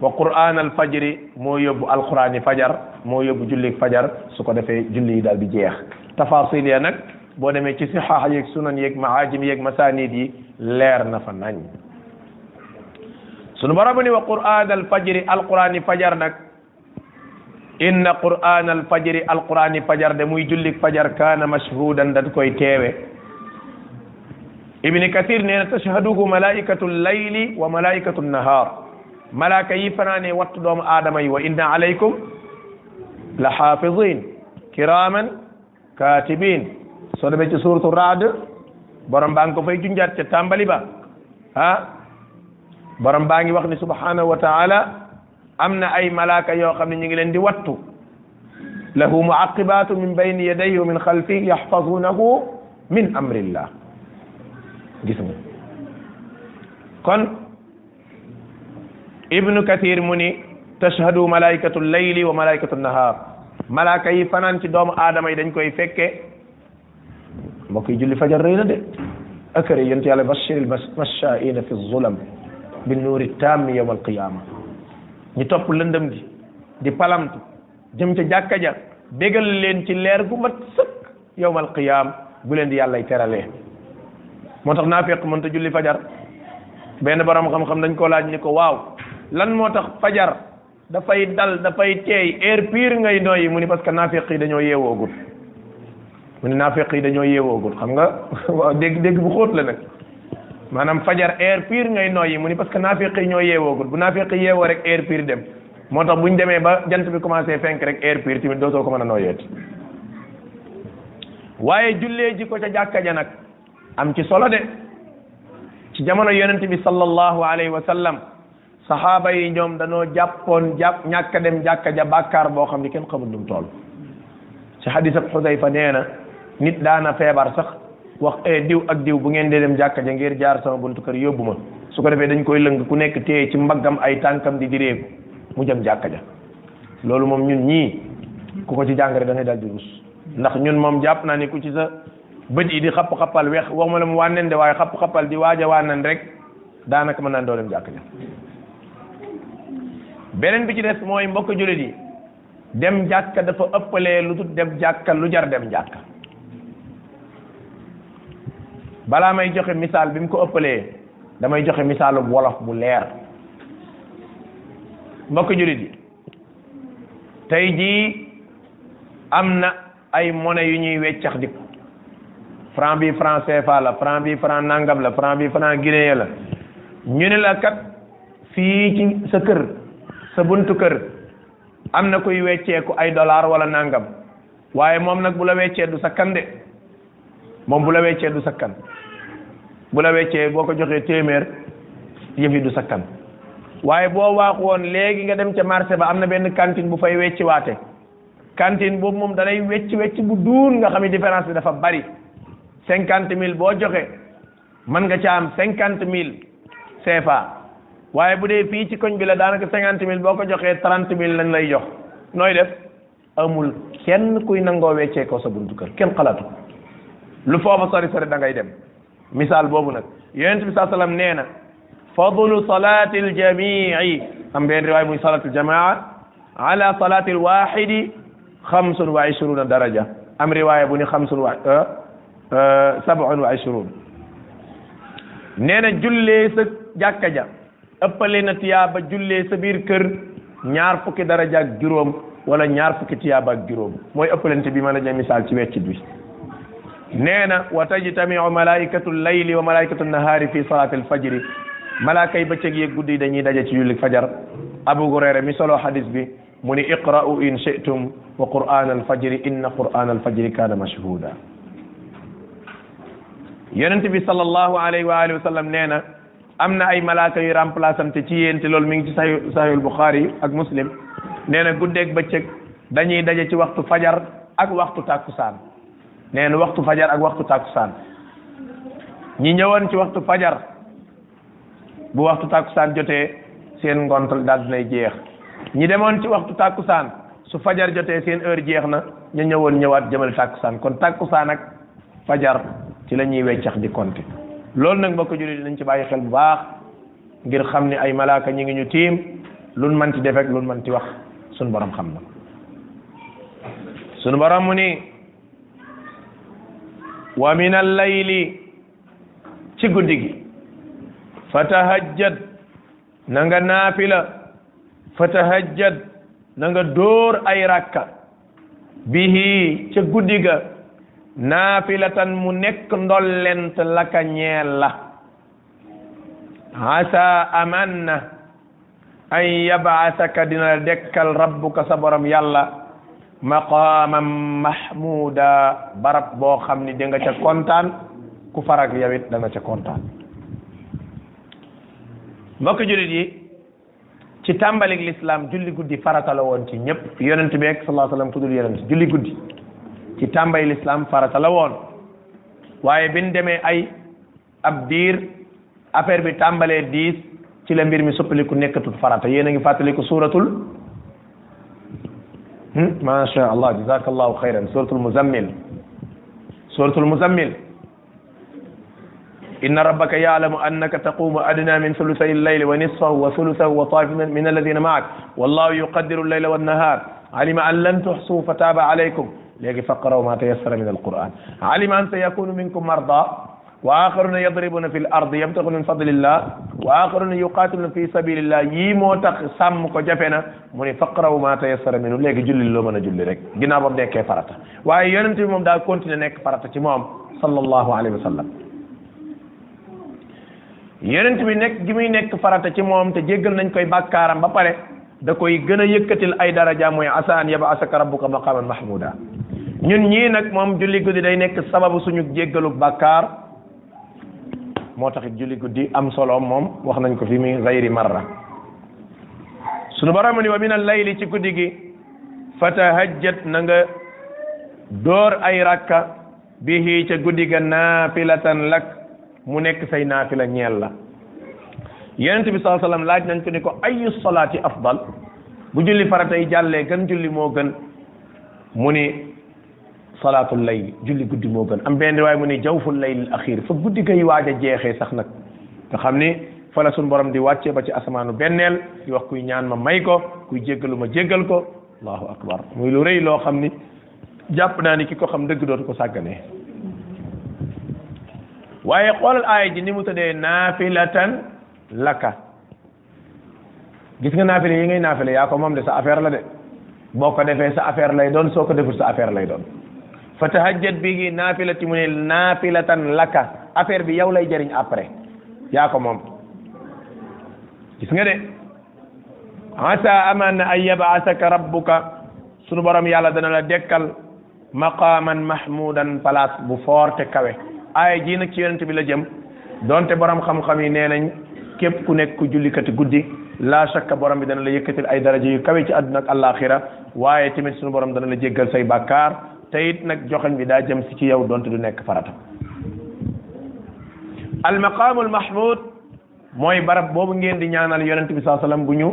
wa quraan al fajri moo yóbbu alquraani fajar moo yóbbu jullik fajar su ko defee julli yi daal di jeex tafasil ya nag boo demee ci sixaax yeeg sunan yeeg maajim yeeg masanid yi leer na fa nañ sunu borom ni wa qur'an al fajri alqur'ani fajar nag inna qur'an al fajri alqur'ani fajar de muy jullik fajar kaana mashhudan dat koy teewe ibni kathir nee na tashhaduhu malaikatu layli wa malaikatu nahar malaaka yi fanaane wattu doomu aadama yi wa inna alaykum la hafizin kiraman katibin soo demee ci suratu raad borom baa ngi ko fay junjaat ca tàmbali ba ah borom baa ngi wax ni subhanahu wa taala amna ay malaaka yoo xam ne ñu ngi leen di wattu lahu muaqibatu min bayni yadayhi wa min xalfi yahfazunahu min amrillah gis nga kon ibnu kathir muni tashhadu malaikatu layli wa malaikatu nahar malaaka yi fanan ci doomu aadama yi dañ koy fekke mbokk yi julli fajar reyna de akari yent yàlla bashiril mashaina fi zulam bi nuuri taami yowmal qiyaama ñu topp lëndëm gi di palamtu jëm ca jàkka ja bégal leen ci leer gu mat sëkk yowmal qiyaam gu leen di yàlla yàllay teralee moo tax naafeq mënta julli fajar benn borom xam-xam dañ ko laaj ni ko waaw lan moo tax fajar dafay dal dafay teey heure pire ngay noyyi mu ni parce que yi dañoo yeewoogut mu ni naafeq yi dañoo yeewoogut xam nga [laughs] waaw dégg dégg bu xóot la nag maanaam fajar air pur ngay noyyi mu ni parce que naafiq yi ñoo yeewoogul bu naafiq yi yeewoo rek air dem moo tax bu ñu demee ba jant bi commencé fenk rek air pur tamit dootoo ko mën a noyyeeti waaye jullee ji ko ca jàkka ja nag am ci solo de ci jamono yonent bi sallallahu alayhi wa sallam saxaaba yi ñoom dañoo jàppoon jàpp ñàkk dem jàkka ja bàkkaar boo xam ni kenn xamul nu mu toll ci hadis ab Xudayfa nit daana feebar sax wax eh diw ak diw bu ngeen dee dem jàkka ja ngir jaar sama buntu kër yóbbu ma su ko defee dañ koy lëng ku nekk téye ci mbaggam ay tànkam di direeku mu jëm jàkka loolu moom ñun ñii ku ko ci jàngare da daal di rus ndax ñun moom jàpp naa ni ku ci sa bët yi di xapp-xappal weex waxuma la mu wànnen de waaye xapp-xappal di waaja wànnen rek daanaka mën nan doo dem jàkka ja beneen bi ci des mooy mbokk jullit yi dem jàkka dafa ëppalee lu tut dem jàkka lu jar dem jàkka balaa may joxe misaal bi mu ko ëppalee damay joxe misaalu wolof bu leer mbokk julit yi tey jii am na ay monnaie yu ñuy weccax di ko franc bi franc CFA la franc bii franc nangam la franc bii franc guinéen la ñu ne la kat fii ci sa kër sa buntu kër am na kuy wecceeku ay dollar walla nangam waaye moom nag bu la weccee du sa kande moom bu la weccee du sakkan bu la weccee boo ko joxee téeméer yëf yi du sakkan waaye boo waaxu woon léegi nga dem ca marché ba am na benn cantine bu fay wecci waate cantine boobu moom danay wecci wecci bu duun nga xam ne différence bi dafa bari cinquante mille boo joxe mën nga ca am cinquante mille CFA waaye bu dee fii ci koñ bi la daanaka cinquante mille boo ko joxee trente mille lañ lay jox nooy def amul kenn kuy nangoo weccee ko sa buntu kër kenn xalaatu lu foofa sori sori da ngay dem misal bobu nak yeen bi sallam neena fadlu salati jami'i am ben riwaya muy salatu jamaa ala salati alwaxidi xamsun wa daraja am riwaya bu ni 25 wa sabun wa sa jàkka ja ëppale na tiyaba julle sa bir keur ñaar fukki daraja ak juróom wala ñaar fukki tiyaaba ak juróom mooy ëppalante bi ma la jëm misaal ci weccit bi نانا وتجتمع ملائكة الليل وملائكة النهار في صلاة الفجر ملائكة بچك يقودي دنيا دجت يول الفجر أبو غرير مسلو حديث بي من اقرأوا إن شئتم وقرآن الفجر إن قرآن الفجر كان مشهودا يننت صلى الله عليه وآله وسلم نانا أمنا أي ملائكة يرام بلاسم تتيين تلول من صحيح البخاري أك مسلم نانا قدك بچك دنيا دجت وقت فجر أك وقت تاكسان nee na waxtu fajar ak waxtu tàkkusaan ñi ñëwoon ci waxtu fajar bu waxtu tàkkusaan jotee seen ngont daal dinay jeex ñi demoon ci waxtu tàkkusaan su fajar jotee seen heure jeex na ñu ñëwoon ñëwaat jëmal tàkkusaan kon tàkkusaan ak fajar ci la ñuy weccax di konte loolu nag mbokk jullit nañ ci bàyyi xel bu baax ngir xam ni ay malaaka ñi ngi ñu tiim lun manti defek lun manti wax sunu borom xam na sunu borom mu ni wa min allayli ci guddi gi fatahajjad na nga naafila fatahajjad na nga dóor ay rakka bihi ca guddi ga naafilatan mu nekk ndollent laka ñeel la asa aman na an yabaasaka dina la dekkal rabbuka sa borom yàlla maqaamam mahmuda barab boo xam ni da nga ca kontaan ku farak yawit da nga ca kontaan mbokk jullit yi ci tàmbalik lislaam julli guddi farata la woon ci ñëpp yonent bi ak sallallahu alayhi ku julli guddi ci tàmbali l'islam farata la woon waaye bin demee ay ab diir bi tàmbalee diis ci la mbir mi soppaliku nekkatul farata yéen a ngi fàttaliku suuratul ما شاء الله جزاك الله خيرا سورة المزمل سورة المزمل إن ربك يعلم أنك تقوم أدنى من ثلثي الليل ونصفه وثلثه وطائف من الذين معك والله يقدر الليل والنهار علم أن لن تحصوا فتاب عليكم ليجي فقروا ما تيسر من القرآن علم أن سيكون منكم مرضى wa axaruna yadribuna fi l ard yabtaxu min fadlillah wa axaruna yuqatiluna fi sabilillah yii moo tax sàmm ko jafe na mu ni faqraw ma tayassara léegi julli loo mën a julli rek ginnaaw ba mu nekkee farata waaye yonent bi moom daa continuer nekk farata ci moom sallallahu alayhi wa sallam yonent bi nekk gi muy nekk farata ci moom te jéggal nañ koy bàkkaaram ba pare da koy gën a yëkkatil ay daraja mooy asaan yaba asaka rabbuka maqaman mahmuda ñun ñii nag moom julli guddi day nekk sababu suñu jéggalu bàkkaar moo taxit julli guddi am solo moom wax nañ ko fi mi gayri marra sunu borom ni wa min al layli ci guddi gi fatahajjat na nga door ay rakka bihi ca guddi ga naafilatan lak mu nekk say naafila ñeel la yonent bi sallallahu laaj nañ ko ni ko ayu salaati afdal bu julli farata yi jàllee gën julli moo gën mu ni salatul layl julli guddi moo gën am benn mu ne jawful layl akhir fa guddi kay waaj a jeexee sax nag nga xam ni fa la sun borom di wàccee ba ci asamaanu benneel di wax kuy ñaan ma may ko kuy jéggalu ma jéggal ko allahu akbar muy lu rëy loo xam ni jàpp naa ni ki ko xam dëgg dootu ko ni mu laka gis nga naafile yi ngay naafile ya ko moom de sa affaire la de boo ko sa affaire lay doon sa affaire lay fa tahajjat bihi naafilati mu ne naafilatan laka affaire bi yow lay jëriñ après yaa ko moom gis nga de asa aman na an yabasaka rabbuka sunu borom yàlla dana la dekkal maqaman mahmudan place bu forte kawe aaya ji nag ci yonent bi la jëm donte borom xam-xam yi nee nañ képp ku nekk ku jullikati guddi la shakka borom bi dana la yëkkatil ay daraja kawe ci àdduna ak àllaaxira ti tamit sunu borom dana la jéggal say bàkkaar تيت نك جوخن بي دا جيم سي كي ياو دونت دو نيك فراتا المقام المحمود موي برب بوب نين دي نيانال يونت بي صلى الله عليه وسلم بو نيو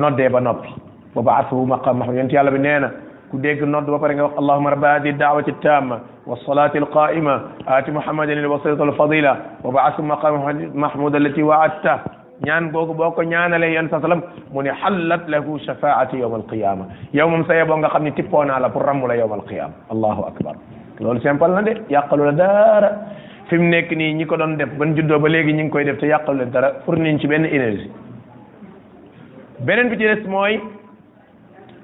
نودي با نوبي بابا عفو مقام محمود يونت يالا بي نينا كو ديغ نود با بار نغا اللهم رب هذه الدعوه التامه والصلاه القائمه ات محمد الوسيط الفضيله وبعث مقام محمود التي وعدته ñaan googu boo ko ñaanalee yon sa salam mu ne xallat lahu shafaati yawm alqiyama yow moom sa yeboo nga xam ne tippoo naa la pour rammu la yawm alqiyama allahu akbar loolu simple na de yàqalu la dara fi mu nekk nii ñi ko doon def ban juddoo ba léegi ñi ngi koy def te yàqalu la dara pour niñ ci benn énergie beneen bi ci des mooy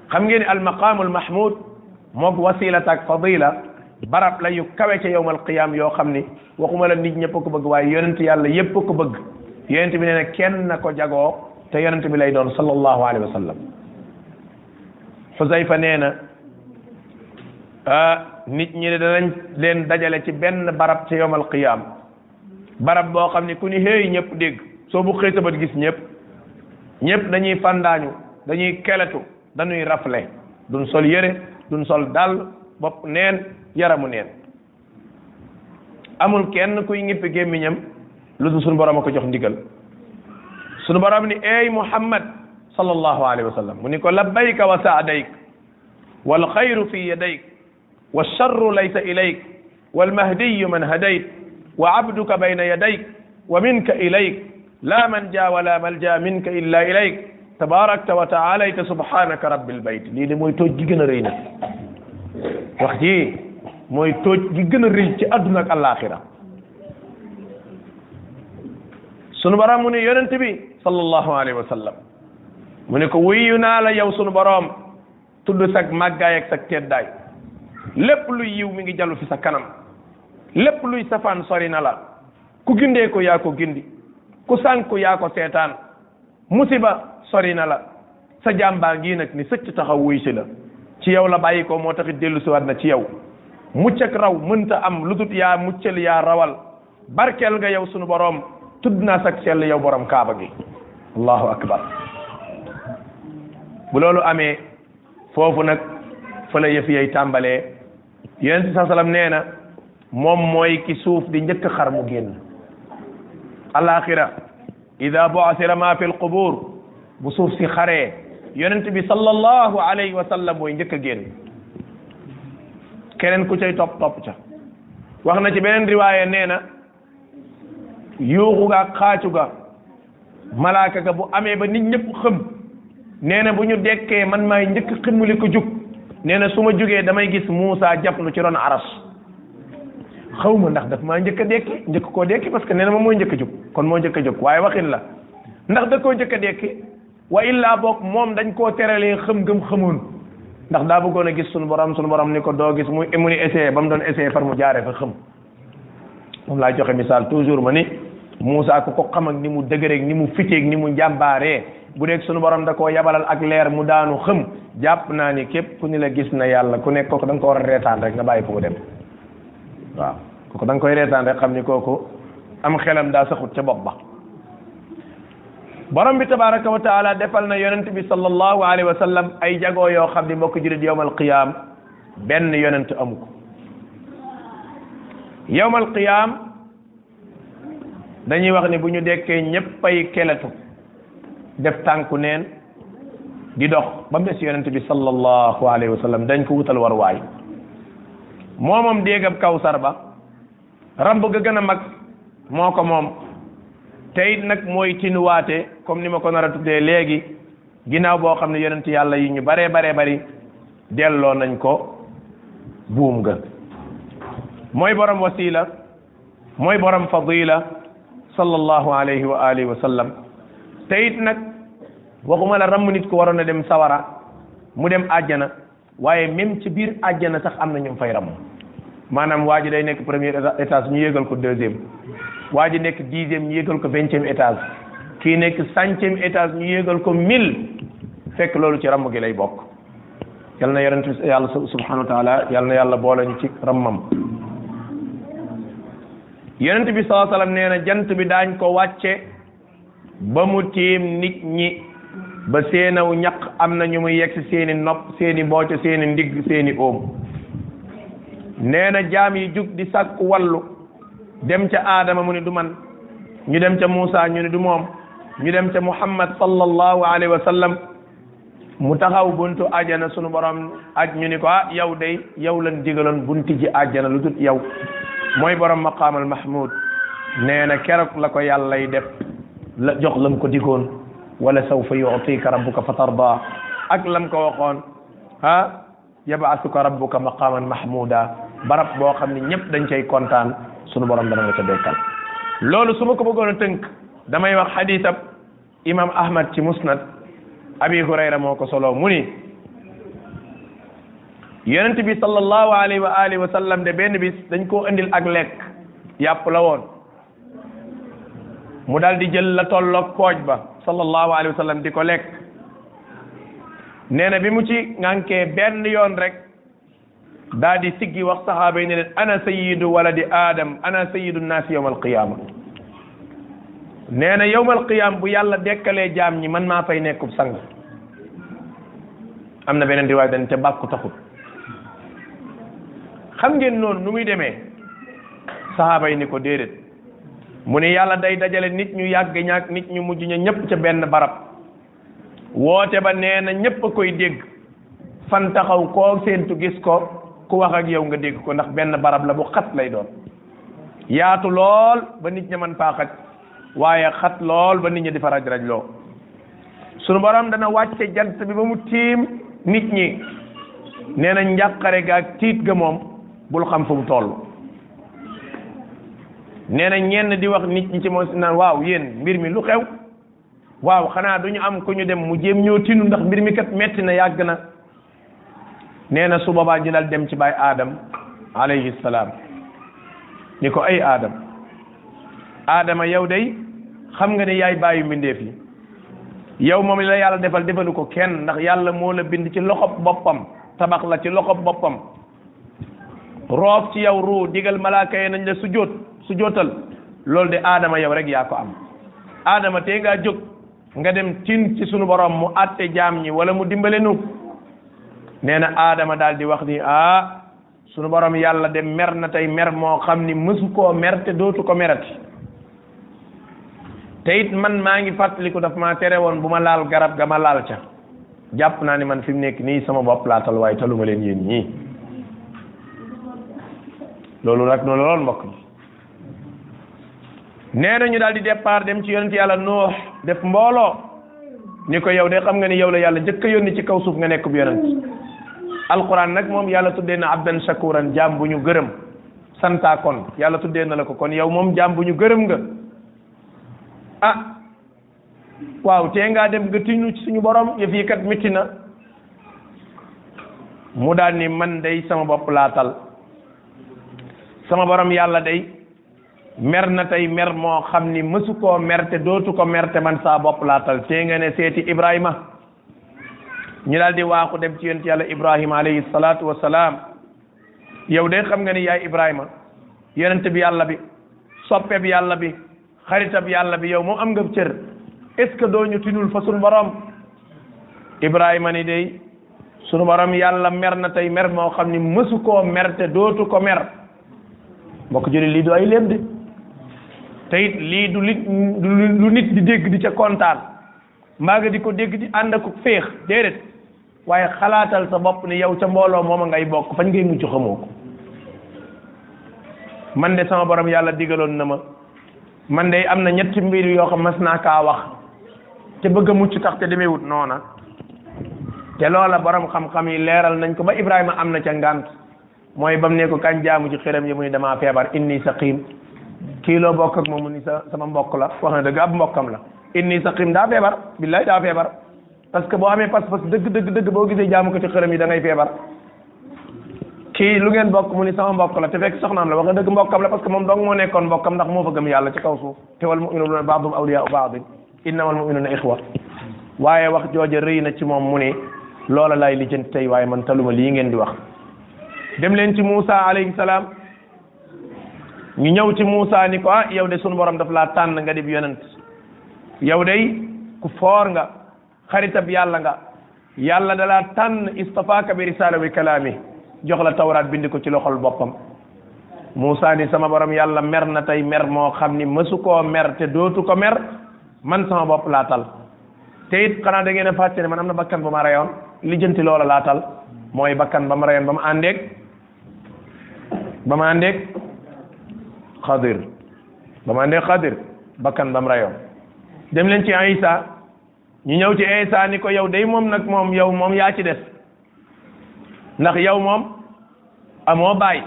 xam ngeen ni almaqaamul mahmud moog wasilat ak fadila barab la yu kawe ca yawm alqiyama yoo xam ni waxuma la nit ñëpp ko bëgg waaye yonent yàlla yëpp ko bëgg yonent bi nee na kenn na ko jagoo te yonent bi lay doon sallallahu alayhi wa sallam Xusayfa nee na ah, nit ñi ne danañ leen dajale ci benn barab ci yawmal qiyaam barab boo xam ne ku ni xëy ñëpp dégg soo bu xëy sabat gis ñépp ñépp dañuy fandaañu dañuy keletu dañuy rafle du sol yére duñ sol dàll bopp neen yaramu neen amul kenn kuy ngippi gémmiñam لودو سن بروم كو جخ نديغال سن بروم ني اي محمد صلى الله عليه وسلم مني كو لبيك وسعديك والخير في يديك والشر ليس اليك والمهدي من هديك وعبدك بين يديك ومنك اليك لا من جاء ولا ملجا منك الا اليك تبارك وتعالى سبحانك رب البيت لي موي توج جي گنا ريني واخ جي موي توج جي گنا ريني الاخره sunu boroom mu ne yonent bi sallallahu alayhi wa sallam mu ne ko wuyu naa la yow sunu boroom tudd sag màggaay ak sag teddaay lépp luy yiw mi ngi jallu fi sa kanam lépp luy safaan sori na la ku gindee ko yaa ko gindi ku sànku yaa ko seetaan musiba sori na la sa jàmbaa ngi nag ni sëcc taxaw wuy la ci yow la bàyyi ko moo taxit dellu siwaat na ci yow mucc ak raw mënta am lu dut yaa muccal yaa rawal barkel nga yow sunu boroom tudd naa sag sell yow borom kaaba gi allahu akbar bu loolu amee foofu nag fa la yëf yey tàmbalee yonent saa sallam nee na moom mooy ki suuf di njëkk xar mu génn alaxira ida boasira ma fi lqubur bu suuf si xaree yonent bi sallallahu alayhi wa sallam mooy njëkk a génn keneen ku cay topp topp ca wax na ci beneen riwaaya nee na yuuxu gaa xaacu ga malaaka ga bu amee ba nit ñëpp xëm nee na bu ñu dekkee man maay njëkk xëmmali ko jug nee na su ma jógee damay gis Muusa jàppalu ci ron aras xaw ma ndax daf maa njëkk a dekki njëkk koo dekki parce que nee moom mooy njëkk a kon moo njëkk a waaye waxin la ndax da koo njëkk a dekki wa illaa boog moom dañ koo teralee xëm gam xamoon ndax daa bëggoon a gis sunu borom sunu borom ni ko doo gis mu mu ni ba mu doon essayé far mu jaaree fa xëm moom laa joxe misaal toujours ma ni Moussa ku ko xam ak ni mu dëgëreeg ni mu fiteeg ni mu njàmbaaree bu dee sunu borom da koo yabalal ak leer mu daanu xëm jàpp naa ni képp ku ni la gis na yàlla ku nekk kooku da nga ko war a reetaan rek nga bàyyi ko mu dem waaw kooku da koy reetaan rek xam ni kooku am xelam daa saxut ca bopp ba borom bi tabaraka wa defal na yonent bi sallallahu alayhi wa sallam ay jagoo yoo xam ni mbokk jurit yowmal qiyam benn yonent amu yowmal qiyaam dañuy wax ne bu ñu dekkee ñéppay kelatu def tànku neen di dox ba mu yonent bi sallallahu alayhi wa sallam dañ ko wutal war waay moomoom déegab kawsar ba ramb ga gën a mag moo ko moom tey nag mooy tinuwaate comme ni ma ko nar a tuddee léegi ginnaaw boo xam ne yonent yàlla yi ñu baree baree bari delloo nañ ko buum ga mooy borom wasila mooy borom fadila sallallahu alayhi wa alihi wa sallam te it nag waxuma la ram nit ku waroon a dem sawara mu dem àjjana waaye même ci biir àjjana sax am na ñoom fay ramm maanaam waa ji day nekk premier étage ñu yégal ko deuxième waaji nekk dixième ñu yégal ko vingtième étage kii nekk centième étage ñu yégal ko mil fekk loolu ci ramm gi lay bokk yal na yonent yàlla subhanahu wa taala yal na yàlla boole ñu ci rammam yonent bi sallallahu wasallam nee na jant bi daañ ko wàcce ba mu tiim nit ñi ba seenaw ñaq am na ñu mu yegg si seeni nopp seeni booco seeni ndigg seeni óom nee na jaam yi jug di sàkk wallu dem ca aadama mu ni du man ñu dem ca Muusa ñu ni du moom ñu dem ca Muhammad sallallahu alayhi wa sallam mu taxaw buntu ajjana sunu borom aj ñu ni ko ah yow day yow lan digaloon bunti ji ajjana lu yow mooy borom maqaamal mahmud nee na keroog la ko yàllay def la jox lam ko digoon wala sawfa yutika rabbuka fatarda ak lam ko waxoon ah yabaasuka rabbuka maqaaman mahmuda barab boo xam ne ñëpp dañ cay kontaan sunu borom dana la ca dekkal loolu su ma ko bëggoon a tënk damay wax xadisab imam ahmad ci musnad abi hurayra moo ko solo mu yonent bi sallallahu alayhi wa alihi wa sallam de benn bis dañ koo indil ak lekk yàpp la woon mu daal di jël la tolloog pooj ba sallallahu alayhi wa sallam di ko lekk nee na bi mu ci ŋànkee benn yoon rek daa di siggi wax saxaaba yi ne leen ana sayyidu waladi aadam ana sayyidu naasi yawm alqiyama nee na yawm alqiyama bu yàlla dekkalee jaam ñi man maa fay nekkub sang am na beneen riwaay dañ te bàkku taxut xam ngeen loolu nu muy demee sahaaba yi ni ko déedéet mu ne yàlla day dajale nit ñu yàgg ñaak nit ñu mujj ña ñëpp ca benn barab woote ba nee na ñëpp a koy dégg fan taxaw koo séentu gis ko ku wax ak yow nga dégg ko ndax benn barab la bu xat lay doon yaatu lool ba nit ña man faa xaj waaye xat lool ba nit ña di fa raj raj loo sunu borom dana wàcce jant bi ba mu tiim nit ñi nee na njàqare gaak tiit ga moom bul xam fu mu toll nee na ñenn di wax nit ñi ci moom si waaw yéen mbir mi lu xew waaw xanaa duñu am ku ñu dem mu jéem ñoo tinu ndax mbir mi kat metti na yàgg na nee na su boobaa ñu dal dem ci baay aadam alayhi salaam ni ko ay aadam aadama yow day xam nga ne yaay bàyyi mbindeef yi yow moom la yàlla defal defalu ko kenn ndax yàlla moo la bind ci loxob boppam tabax la ci loxob boppam roof ci yow ruu digal malaaka yi nañ la su jóot su jootal loolu de aadama yow rek yaa ko am aadama tey ngaa jóg nga dem tin ci suñu borom mu atte jaam ñi wala mu dimbale nu nee na aadama daal di wax ni ah sunu borom yàlla dem mer na tey mer moo xam ni mësu koo mer te dootu ko merati te it man maa ngi fàttaliku daf ma tere woon bu ma laal garab ga ma laal ca jàpp naa ne man fi mu nekk nii sama bopp laa tal waaye taluma leen yéen ñii loolu nag noonu lool mbokk yi nee na ñu daal di départ dem ci yonent yàlla noox def mbooloo ni ko yow de xam nga ni yow la yàlla njëkk a ci kaw suuf nga nekkub yonent alquran nag moom yàlla tuddee na abdan shakuran jaam bu ñu gërëm santaa kon yàlla tuddee na la ko kon yow moom jaam bu ñu gërëm nga ah waaw te ngaa dem nga tiñu ci suñu borom yëf yi kat métti na mu daal ni man day sama bopp laatal sama borom yàlla day mer na tey mer moo xam ni mësu koo mer dootu ko mer man saa bopp laatal tee nga seeti Ibrahima ñu daal di waaxu dem ci yonent yàlla Ibrahima alayhi salaatu wa salaam yow de xam nga ni yaay Ibrahima yonent bi yàlla bi soppe bi yàlla bi xaritab yàlla bi yow moom am nga cër est ce que doo ñu tinul fa sunu borom Ibrahima ni day sunu borom yàlla mer na tey mer moo xam ni mësu koo mer dootu ko mer. mbokk jëli lii du ay léeb de te lii du lit lu nit di dégg di ca kontaan mbaa nga di ko dégg di ànd ak féex déedéet waaye xalaatal sa bopp ni yow ca mbooloo mooma ngay bokk fañ ngay mucc xamoo ko man de sama borom yàlla digaloon na ma man de am na ñetti mbir yoo xam mas naa kaa wax te bëgg a mucc tax te demeewut noona te loola borom xam-xam yi leeral nañ ko ba Ibrahima am na ca ngànt mooy bam mu ne ko kañ jaamu ci xiram yi mu ni damaa feebar inni saqim kii loo bokk moom mu ni sa sama mbok la wax na dëgg ab mbokkam la inni saqim daa feebar billahi daa feebar parce que boo amee pas-pas dëgg dëgg dëgg boo gisee jaamu ko ti xiram yi dangay ngay feebar kii lu ngeen bokk mu ni sama mbokk la te fekk soxnaam la wax na dëgg mbokkam la parce que moom dong moo nekkoon mbokkam ndax moo fa gëm yàlla ci kaw suuf te wal muminuuna baadum awliyaau baadin innamal muminuuna ixwa waaye wax jooja rëy na ci moom mu ne loola laay lijjanti tey waaye man taluma lii ngeen di wax dem leen ci Moussa alayhi salaam ñu ñëw ci Moussa ni ko ah yow de suñu borom daf laa tànn nga dib yonent yow de ku foor nga xaritab yàlla nga yàlla da laa tànn istafaaka bi risaala wi kalaami jox la tawraat bind ko ci loxol boppam Moussa ni sama borom yàlla mer na tey mer moo xam ni mësu koo mer te dootu ko mer man sama bopp laa tal te it xanaa da ngeen a fàtte ne man am na bakkan ba ma reyoon lijjanti loola laa tal mooy bakkan ba ma reyoon ba ma ba ma àndeeg xadir ba ma bakkan bam rayoon dem leen ci Isa ñu ñëw ci Isa ni ko yow day moom nag moom yow moom yaa ci des ndax yow moom amoo baay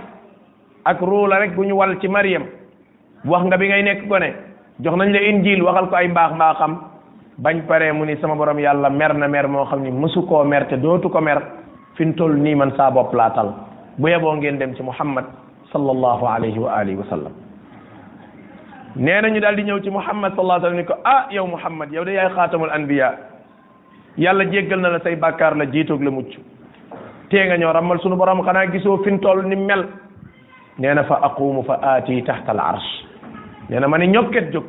ak ruu la rek bu ñu wal ci Mariam wax nga bi ngay nekk gone jox nañ la injil waxal ko ay mbaax mbaaxam bañ pare mu ni sama borom yàlla mer na mer moo xam ni mësu koo mer te dootu ko mer fi mu toll nii man saa bopp laatal bu yeboo ngeen dem ci Muhammad صلى الله عليه واله وسلم نانا ني دال دي نييو تي محمد صلى الله عليه وسلم نيكو اه يا محمد يا ودي خاتم الانبياء يالا جيغلنا لا ساي بكار لا جيتوك لا موتشو تيغا نيو رامال سونو بروم خانا غيسو فين تول ني مل نانا فا اقوم فاتي تحت العرش نانا ماني نيوكيت جوك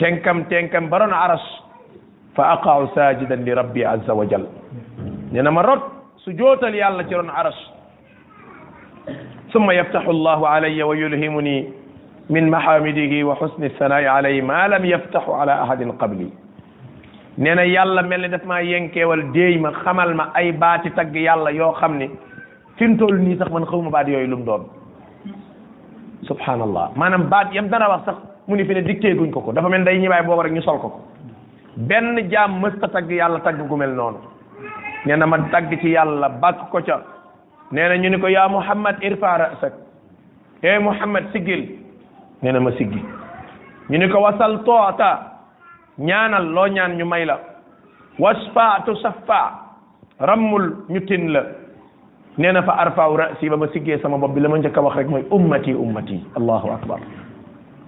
تنكم تنكم برون عرش فاقع ساجدا لربي عز وجل نانا ما روت سجوتال يالا عرش summa yaftahu allahu alayya wa yulhimuni min mahamidihi wa husni sanaa'i alayhi ma lam yaftahu ala ahadin qabli nee na yàlla mel ni daf maa yenkeewal déey ma xamal ma ay baati tagg yàlla yoo xam ni fi mu toll nii sax man xawma baat yooyu lu mu doon subhanallah maanaam baat yam dara wax sax mu ni fi ne dicté guñ ko ko dafa mel day ñibaay boobu rek ñu sol ko ko benn jaam mësta tagg yàlla tagg gu mel noonu nee na ma tagg ci yàlla bàkk ko ca nee ñu ni ko yaa muhammad irfa rasak e muhammad sigil nee ma sigi ñu ni ko wasal tuata ñaanal lo ñaan ñu may la wasfa tu safa ramul ñu tin la nee fa arfa rasi ba ma sigge sama bob bi lama ñëk wax rek moy ummati ummati allahu akbar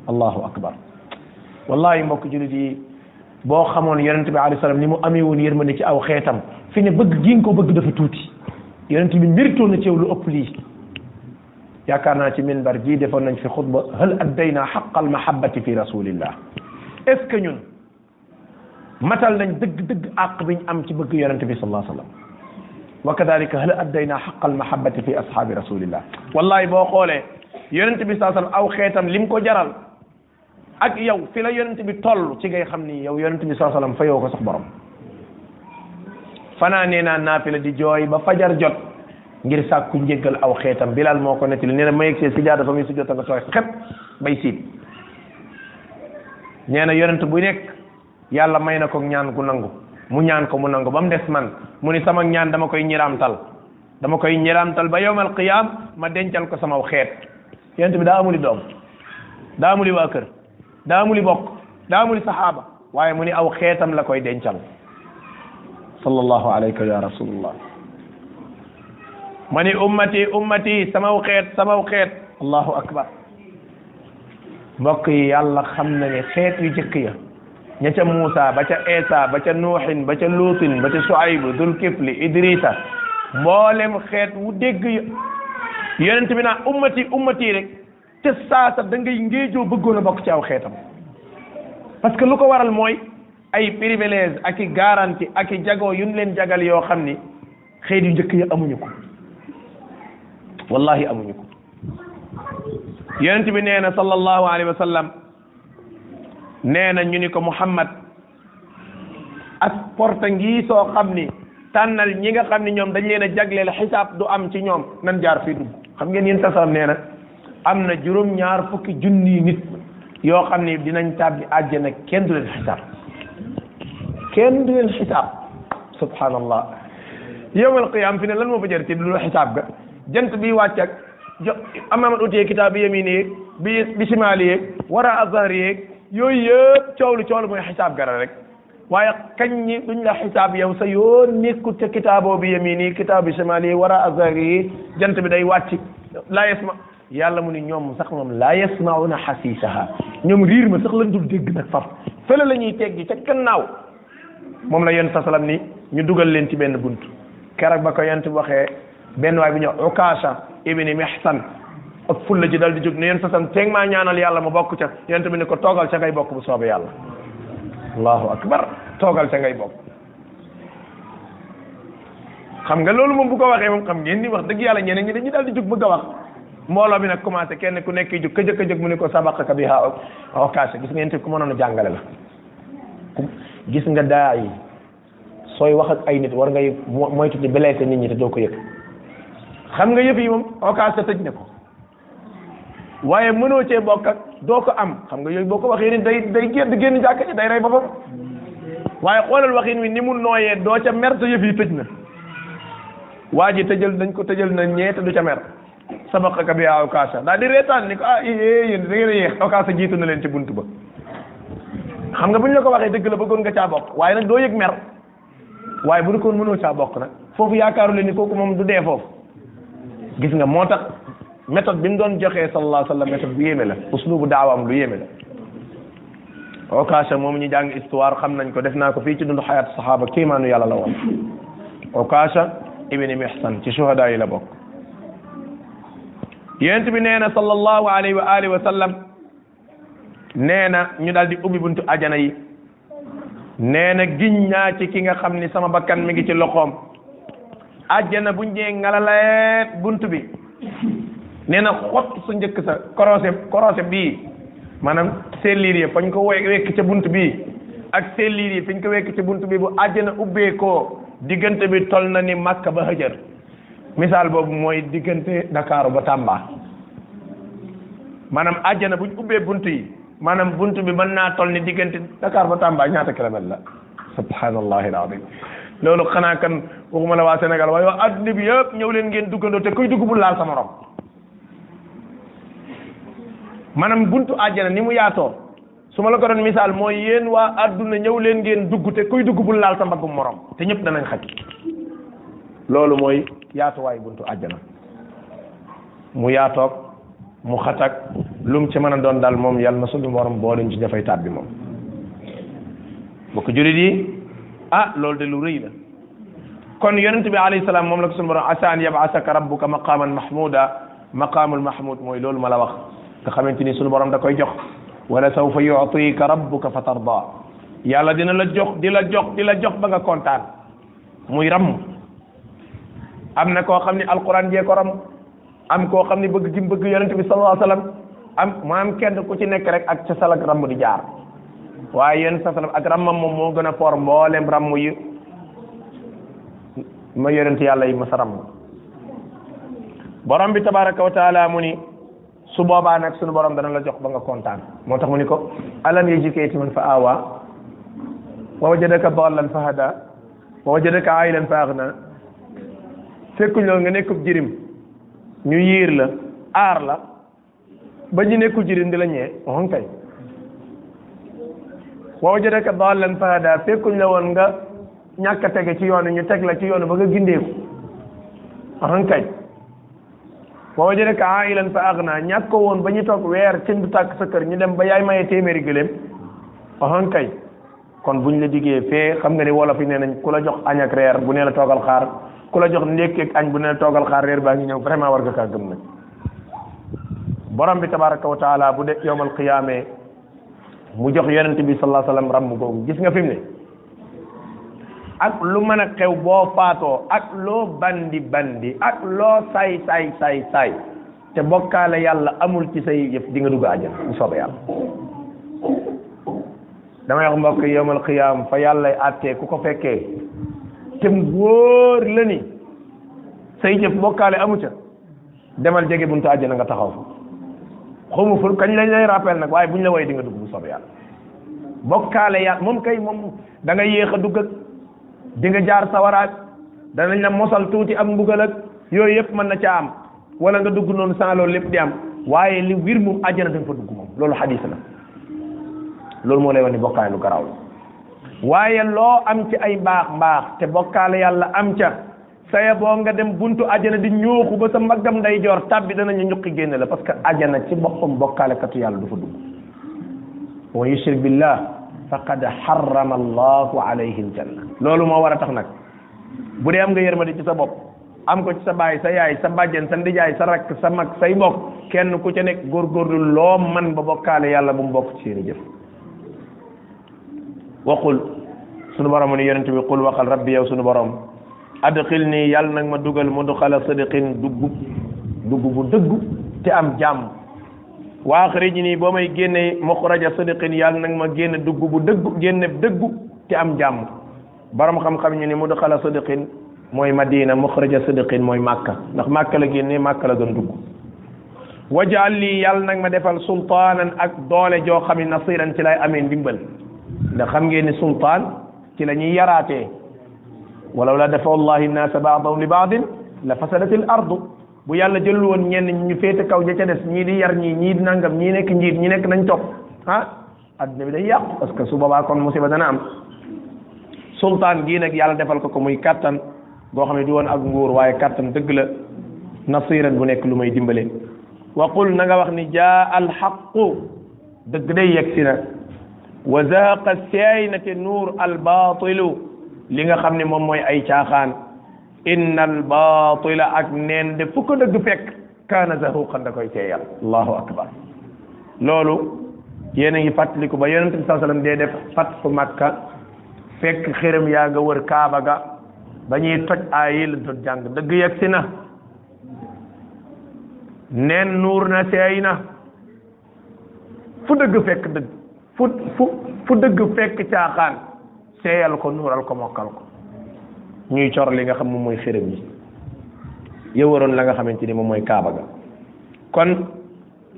allahu akbar wallahi mbokk julit yi boo xamoon yonente bi alei salaam ni mu amee woon ci aw xeetam fi ne bëgg gi ko bëgg dafa tuuti yonent bi mbirtoon na ceew lu ëpp lii yaakaar naa ci minbar bii defoon nañ fi xutba hal addayna xaqal mahabbati fi rasulillah est ce que ñun matal nañ dëgg dëgg àq biñ am ci bëgg yonent bi sallallahu alayhi wa sallam wa kadalika hal addayna xaqal mahabbati fi ashabi rasulillah wallahi boo xoolee yonent bi sallallahu alayhi aw xeetam lim ko jaral ak yow fi la yonent bi toll ci ngay xam ni yow yonent bi sallallahu alayhi fa yow ko sax borom nee naa naafila di jooy ba fajar jot ngir sàkku njéggal aw xeetam bilal moo ko nettali nee na ma yegsee sijaada fa muy a nga a xep bay siit nee na yonent bu nekk yàlla may na ko ñaan ku nangu mu ñaan ko mu nangu ba mu des man mu ni sama ñaan dama koy ñiraamtal dama koy ñiraamtal ba yowmal qiyaam ma dencal ko sama xeet yonent bi daa amuli doom daa amuli waa kër daa amuli bokk daa amuli saxaaba waaye mu ni aw xeetam la koy dencal صلى الله عليك يا رسول الله ماني امتي امتي سما وخيت سما وخيت الله اكبر بقي يلا خمنا خيت يجقيا نتا موسى باتا ايسا باتا نوح باتا لوط باتا شعيب ذو الكفل ادريس مولم خيت ودق يونت بنا امتي امتي رك تساسا دنجي نجيجو بغونا بوك تاو خيتم باسكو لوكو ورال موي ay privilège ak i garantie ak i jago yu leen jagal yoo xam ni xeet yu njëkk yi amuñu ko wallahi amuñu ko yonent bi nee na sallallahu alayhi wa sallam nee na ñu ni ko Muhammad ak porte ngi soo xam ni tànnal ñi nga xam ni ñoom dañ leen a jagleel xisaab du am ci ñoom nan jaar fii dugg xam ngeen yéen tasam nee na am na juróom ñaar fukki junni nit yoo xam ni dinañ tàbbi àjjana kenn du leen xisaab kenn du leen xisaab subhanallah yowmal qiyam fi ne lan moo fa jar ci lu xisaab ga jant bi wàcc ak jo amamat utee kitaab bi yamin yeeg bi bi simaali yeeg wara azhar yeeg yooyu yëpp coow lu coow lu mooy xisaab gara rek waaye kañ ñi duñ la xisaab yow sa yoon nekkul ca kitaaboo bi yamin yi kitaab bi simaali yi wara azhar yi jant bi day wàcc laa yasma yàlla mu ni ñoom sax moom laa yasmauna xasiisaha ñoom riir ma sax lan dul dégg nag faf fële la ñuy teggi ca gannaaw moom la yonent sasalam ni ñu dugal leen ci benn bunt keroog ba ko yonent waxee benn waay bi ñu wax Ukaasa ibni Mihsan ak fulla ji dal di jóg ne yonent sasalam teeg maa ñaanal yàlla ma bokk ca yonent bi ne ko toogal ca ngay bokk bu soobee yàlla allahu akbar toogal ca ngay bokk xam nga loolu moom bu ko waxee moom xam ngeen ni wax dëgg yàlla ñeneen ñi dañuy daal di jóg bëgg a wax mbooloo bi nag commencé kenn ku nekk jóg ka jëkk a jóg mu ne ko sabaqaka biha Ukaasa gis ngeen te mënoon a jàngale gis nga daa yi sooy wax ak ay nit war ngay moytu di blessé nit ñi te doo ko yëg xam nga yëpp yi moom occas sa tëj ne ko waaye mënoo cee bokk ak doo ko am xam nga yooyu boo ko waxee ni day day génn génn jàkka ji day rey boppam waaye xoolal waxin wi ni mu nooyee doo ca mer te yëf yi tëj na waa ji tëjal dañ ko tëjal na ñee te du ca mer sabaqaka bi awkaasa daal di reetaan ni ko ah eh, eh, yéen da ngeen a yéex awkaasa jiitu na leen ci bunt ba xam nga bu ñu la ko waxee dëgg la bëggoon nga caa bokk waaye nag doo yëg mer waaye bu ñu koon mënoo caa bokk nag foofu yaakaaru leen ni kooku moom du dee foofu gis nga moo tax méthode bi mu doon joxee sallallahu alayhi wa sallam méthode bu yéeme la uslubu daawaam lu yéeme la moom ñu jàng histoire xam nañ ko def naa ko fii ci dundu xayaatu saxaaba kéemaanu yàlla la woon Okasha ibni Mihsan ci shuhada yi la bokk yonent bi nee na sallallahu alayhi wa alihi nee na ñu daal di ubbi buntu ajana yi nee na giñ naa ci ki nga xam ni sama bakkan mi ngi ci loxoom ajana bu jee ngalaleet bunt bi nee na xott njëkk sa korosé korosé bii maanaam selliir yi fañ ko wekk ca bunt bii ak selliir yi fañ ko wekk ca bunt bi bu ajana ubbeekoo diggante bi tol na ni Makka ba Hajar misaal boobu mooy diggante Dakar ba Tamba maanaam ajana buñ ubbee bunt yi maanaam bunt bi mën naa toll ni diggante Dakar ba Tamba ñaata kilomètre la subhanallahi alazim loolu xanaa kan waxuma la waa Sénégal waaye waa adduna bi yëpp ñëw leen ngeen duggandoo te kuy dugg bul laal sa morom maanaam mu yaatoo su ma la ko doon mooy yéen waa adduna ñëw leen ngeen dugg te kuy dugg bul laal sa te ñëpp danañ xaj loolu mooy yaatuwaayu buntu àjjana mu yaatoog mu xatak lum ci mëna a doon daal moom yàlla na suñu borom booluñ ci defay tàbbi moom bokk jurit yi ah lol de lu reuy la kon yaronte bi alayhi salam mom la ko suñu borom asan yabasaka rabbuka maqaman mahmuda maqamul mahmud moy lol mala wax nga xamanteni suñu borom da koy jox wala sawfa yutika rabbuka fatarda yàlla dina la jox dila jox dila jox ba nga kontaan muy ram amna ko xamni alquran je ko ram am koo xam ne bëgg gi bëgg yonent bi sallallahu alayhi am maam kenn ku ci nekk rek ak ca sal ak ramm di jaar waaye yonent sa sallam ak rammam moom moo gën a for mboolem ramm yi ma yonent yàlla yi ma sa ramm borom bi tabaraka wa taala mu ni su boobaa nag sunu borom dana la jox ba nga kontaan moo tax mu ni ko alam yajidka yatiman fa awa wa wajadaka dallan fa hada wa wajadaka ayilan fa aghna fekkuñ la nga nekkub jirim ñu yiir la aar la ba ñu nekkul ci di la ñee waxoon kay wa wajadaka dallan fahada fekkuñ la woon nga ñàkk a tege ci yoonu ñu teg la ci yoonu ba nga gindeeku waxoon kay wa wajadaka ailan fa naa ñàkk ko woon ba ñu toog weer ci du tàkk sa kër ñu dem ba yaay maye téeméeri gëléem waxoon kay kon buñ la diggee fee xam nga ni wolof yi nee nañ ku la jox añ ak reer bu nee la toogal xaar ku la jox ndékkeeg añ bu ne toogal xaar réer baa ngi ñëw vraiment war nga kaa gëm nag borom bi tabaraka wa bu de yowmal qiyaamee mu jox yonent bi sallallahu alayhi wasallam googu gis nga fi ne ak lu mën a xew boo faatoo ak loo bandi bandi ak loo say say say say te bokkaale yàlla amul ci say yëf di nga dugg àjjana bu soobee yàlla damay wax mbokk yowmal qiyaam fa yàlla àttee ku ko fekkee te mu wóor la ni say jëf bokkaale amu ca demal jege buntu na nga taxaw fa xawma ful kañ lañ lay rappel nag waaye bu ñu la woy di nga dugg bu soobee yàlla bokkaale yàlla moom kay moom da yéex a dugg dinga di nga jaar sawaraat danañ la mosal tuuti am mbugal yooyu yëpp mën na ca am wala nga dugg noonu sans loolu lépp di am waaye li wir mu àjjana da nga fa dugg moom loolu xadis la loolu moo lay wax ni bokkaale lu garaaw la waaye loo am ci ay mbaax mbaax te bokkaale yàlla am ca saya boo nga dem buntu ajana di ñooxu ba sa mbaggam nday joor tàbbi ñu ñuqi génne la parce que ajana ci boppam bokkaalekatu yàlla du fa dugg wa yushrik billah faqad harrama allahu alayhi aljanna loolu moo war a tax nag bu dee am nga yërmande ci sa bopp am ko ci sa baay sa yaay sa bàjjen sa ndijaay sa rakk sa mag say mbokk kenn ku ca nekk góorgóorlu loo man ba bokkaale yàlla bu mu bokk ci waqul sunu borom mu ni yonent bi qul waxal rabbi yaw sunu borom adxil ni yàlla nag ma dugal mudxala sadiqin duggu dugg bu dëgg te am jàmm wa axrij nii boo may génne muxraja sadiqin yàlla nag ma génne dugg bu dëgg génne dëgg te am jàmm borom xam-xam ñu ni mudxala sadiqin mooy madina muxraja sadiqin mooy màkka ndax màkka la génne màkka la doon dugg wajaal lii yàlla nag ma defal sultaanan ak doole joo xam ne nasiran ci lay amee ndimbal ndax xam ngeen ni sultaan ci la ñuy yaraatee walaw la dafa allahi nnaasa baadahum li baadin la fasadati l ardu bu yàlla jëlul woon ñenn ñu féete kaw ña ca des ñii di yar ñii ñii di nangam ñii nekk njiit ñi nekk nañ topp ah adduna bi day yàqu parce que su boobaa kon musiba dana am sultaan gii nag yàlla defal ko ko muy kattan goo xam ne du woon ak nguur waaye kattan dëgg la nasiran bu nekk lu may dimbale wa qul na nga wax ni jaa alxaqu dëgg day yegsi na wa zahaqa seynate nuur albaatilu li nga xam ne moom mooy ay caaxaan inna albaatila ak neen de fu ko dëgg fekk kaana zahuqan da koy seeyal allahu akbar loolu yéen a ngi fàttaliku ba yonente bi saa sallam dee def fatfu makka fekk xërëm yaa nga wër kaaba ga ba ñuy toj ayi la doon dëgg yegg si na neen nuur na seey fu dëgg fekk dëgg fu fu fu dëgg fekk caaxaan seeyal ko nuural ko mokkal ko ñuy cor li nga xam moom mooy xërëm yi yëwaroon la nga xamante ni moom mooy kaaba ga kon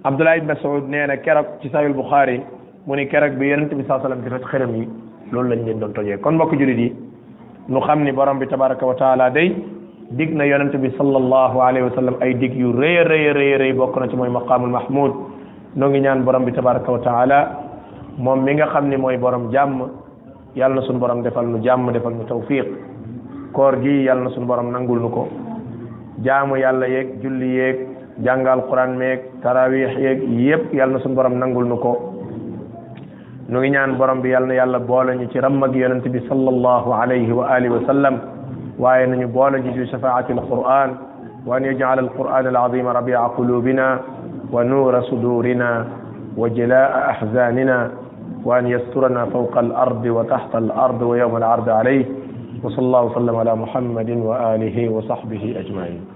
Abdullah ibn Mas'ud nee na keroog ci Sahih Bukhari mu ni keroog bi yonent bi saa sallam di toj yi loolu lañ leen doon tojee kon mbokk jullit yi nu xam ni borom bi tabaraka wa taala day dig na yonent bi sallallahu alayhi ay dig yu rëy a rëy a bokk na ci mooy maqaamul mahmud noo ñaan borom bi tabaraka wa taala moom mi nga xam ni mooy borom jàmm yàlla na suñu borom defal nu jàmm defal nu tawfiq koor gi yàlla na suñu borom nangul nu ko jaamu yàlla yeeg julli yeeg jàngal quran meeg tarawih yeeg yépp yàlla na suñu borom nangul nu ko nu ngi ñaan borom bi yàlla na yàlla boole ñu ci ram ak yonent bi sallallahu alayhi wa alihi wa sallam waaye nañu boole ñu ci shafaati alquran wa an yaj'al alquran alazima rabia qulubina wa nuura sudurina wa jalaa ahzanina وأن يسترنا فوق الأرض وتحت الأرض ويوم العرض عليه وصلى الله وسلم على محمد وآله وصحبه أجمعين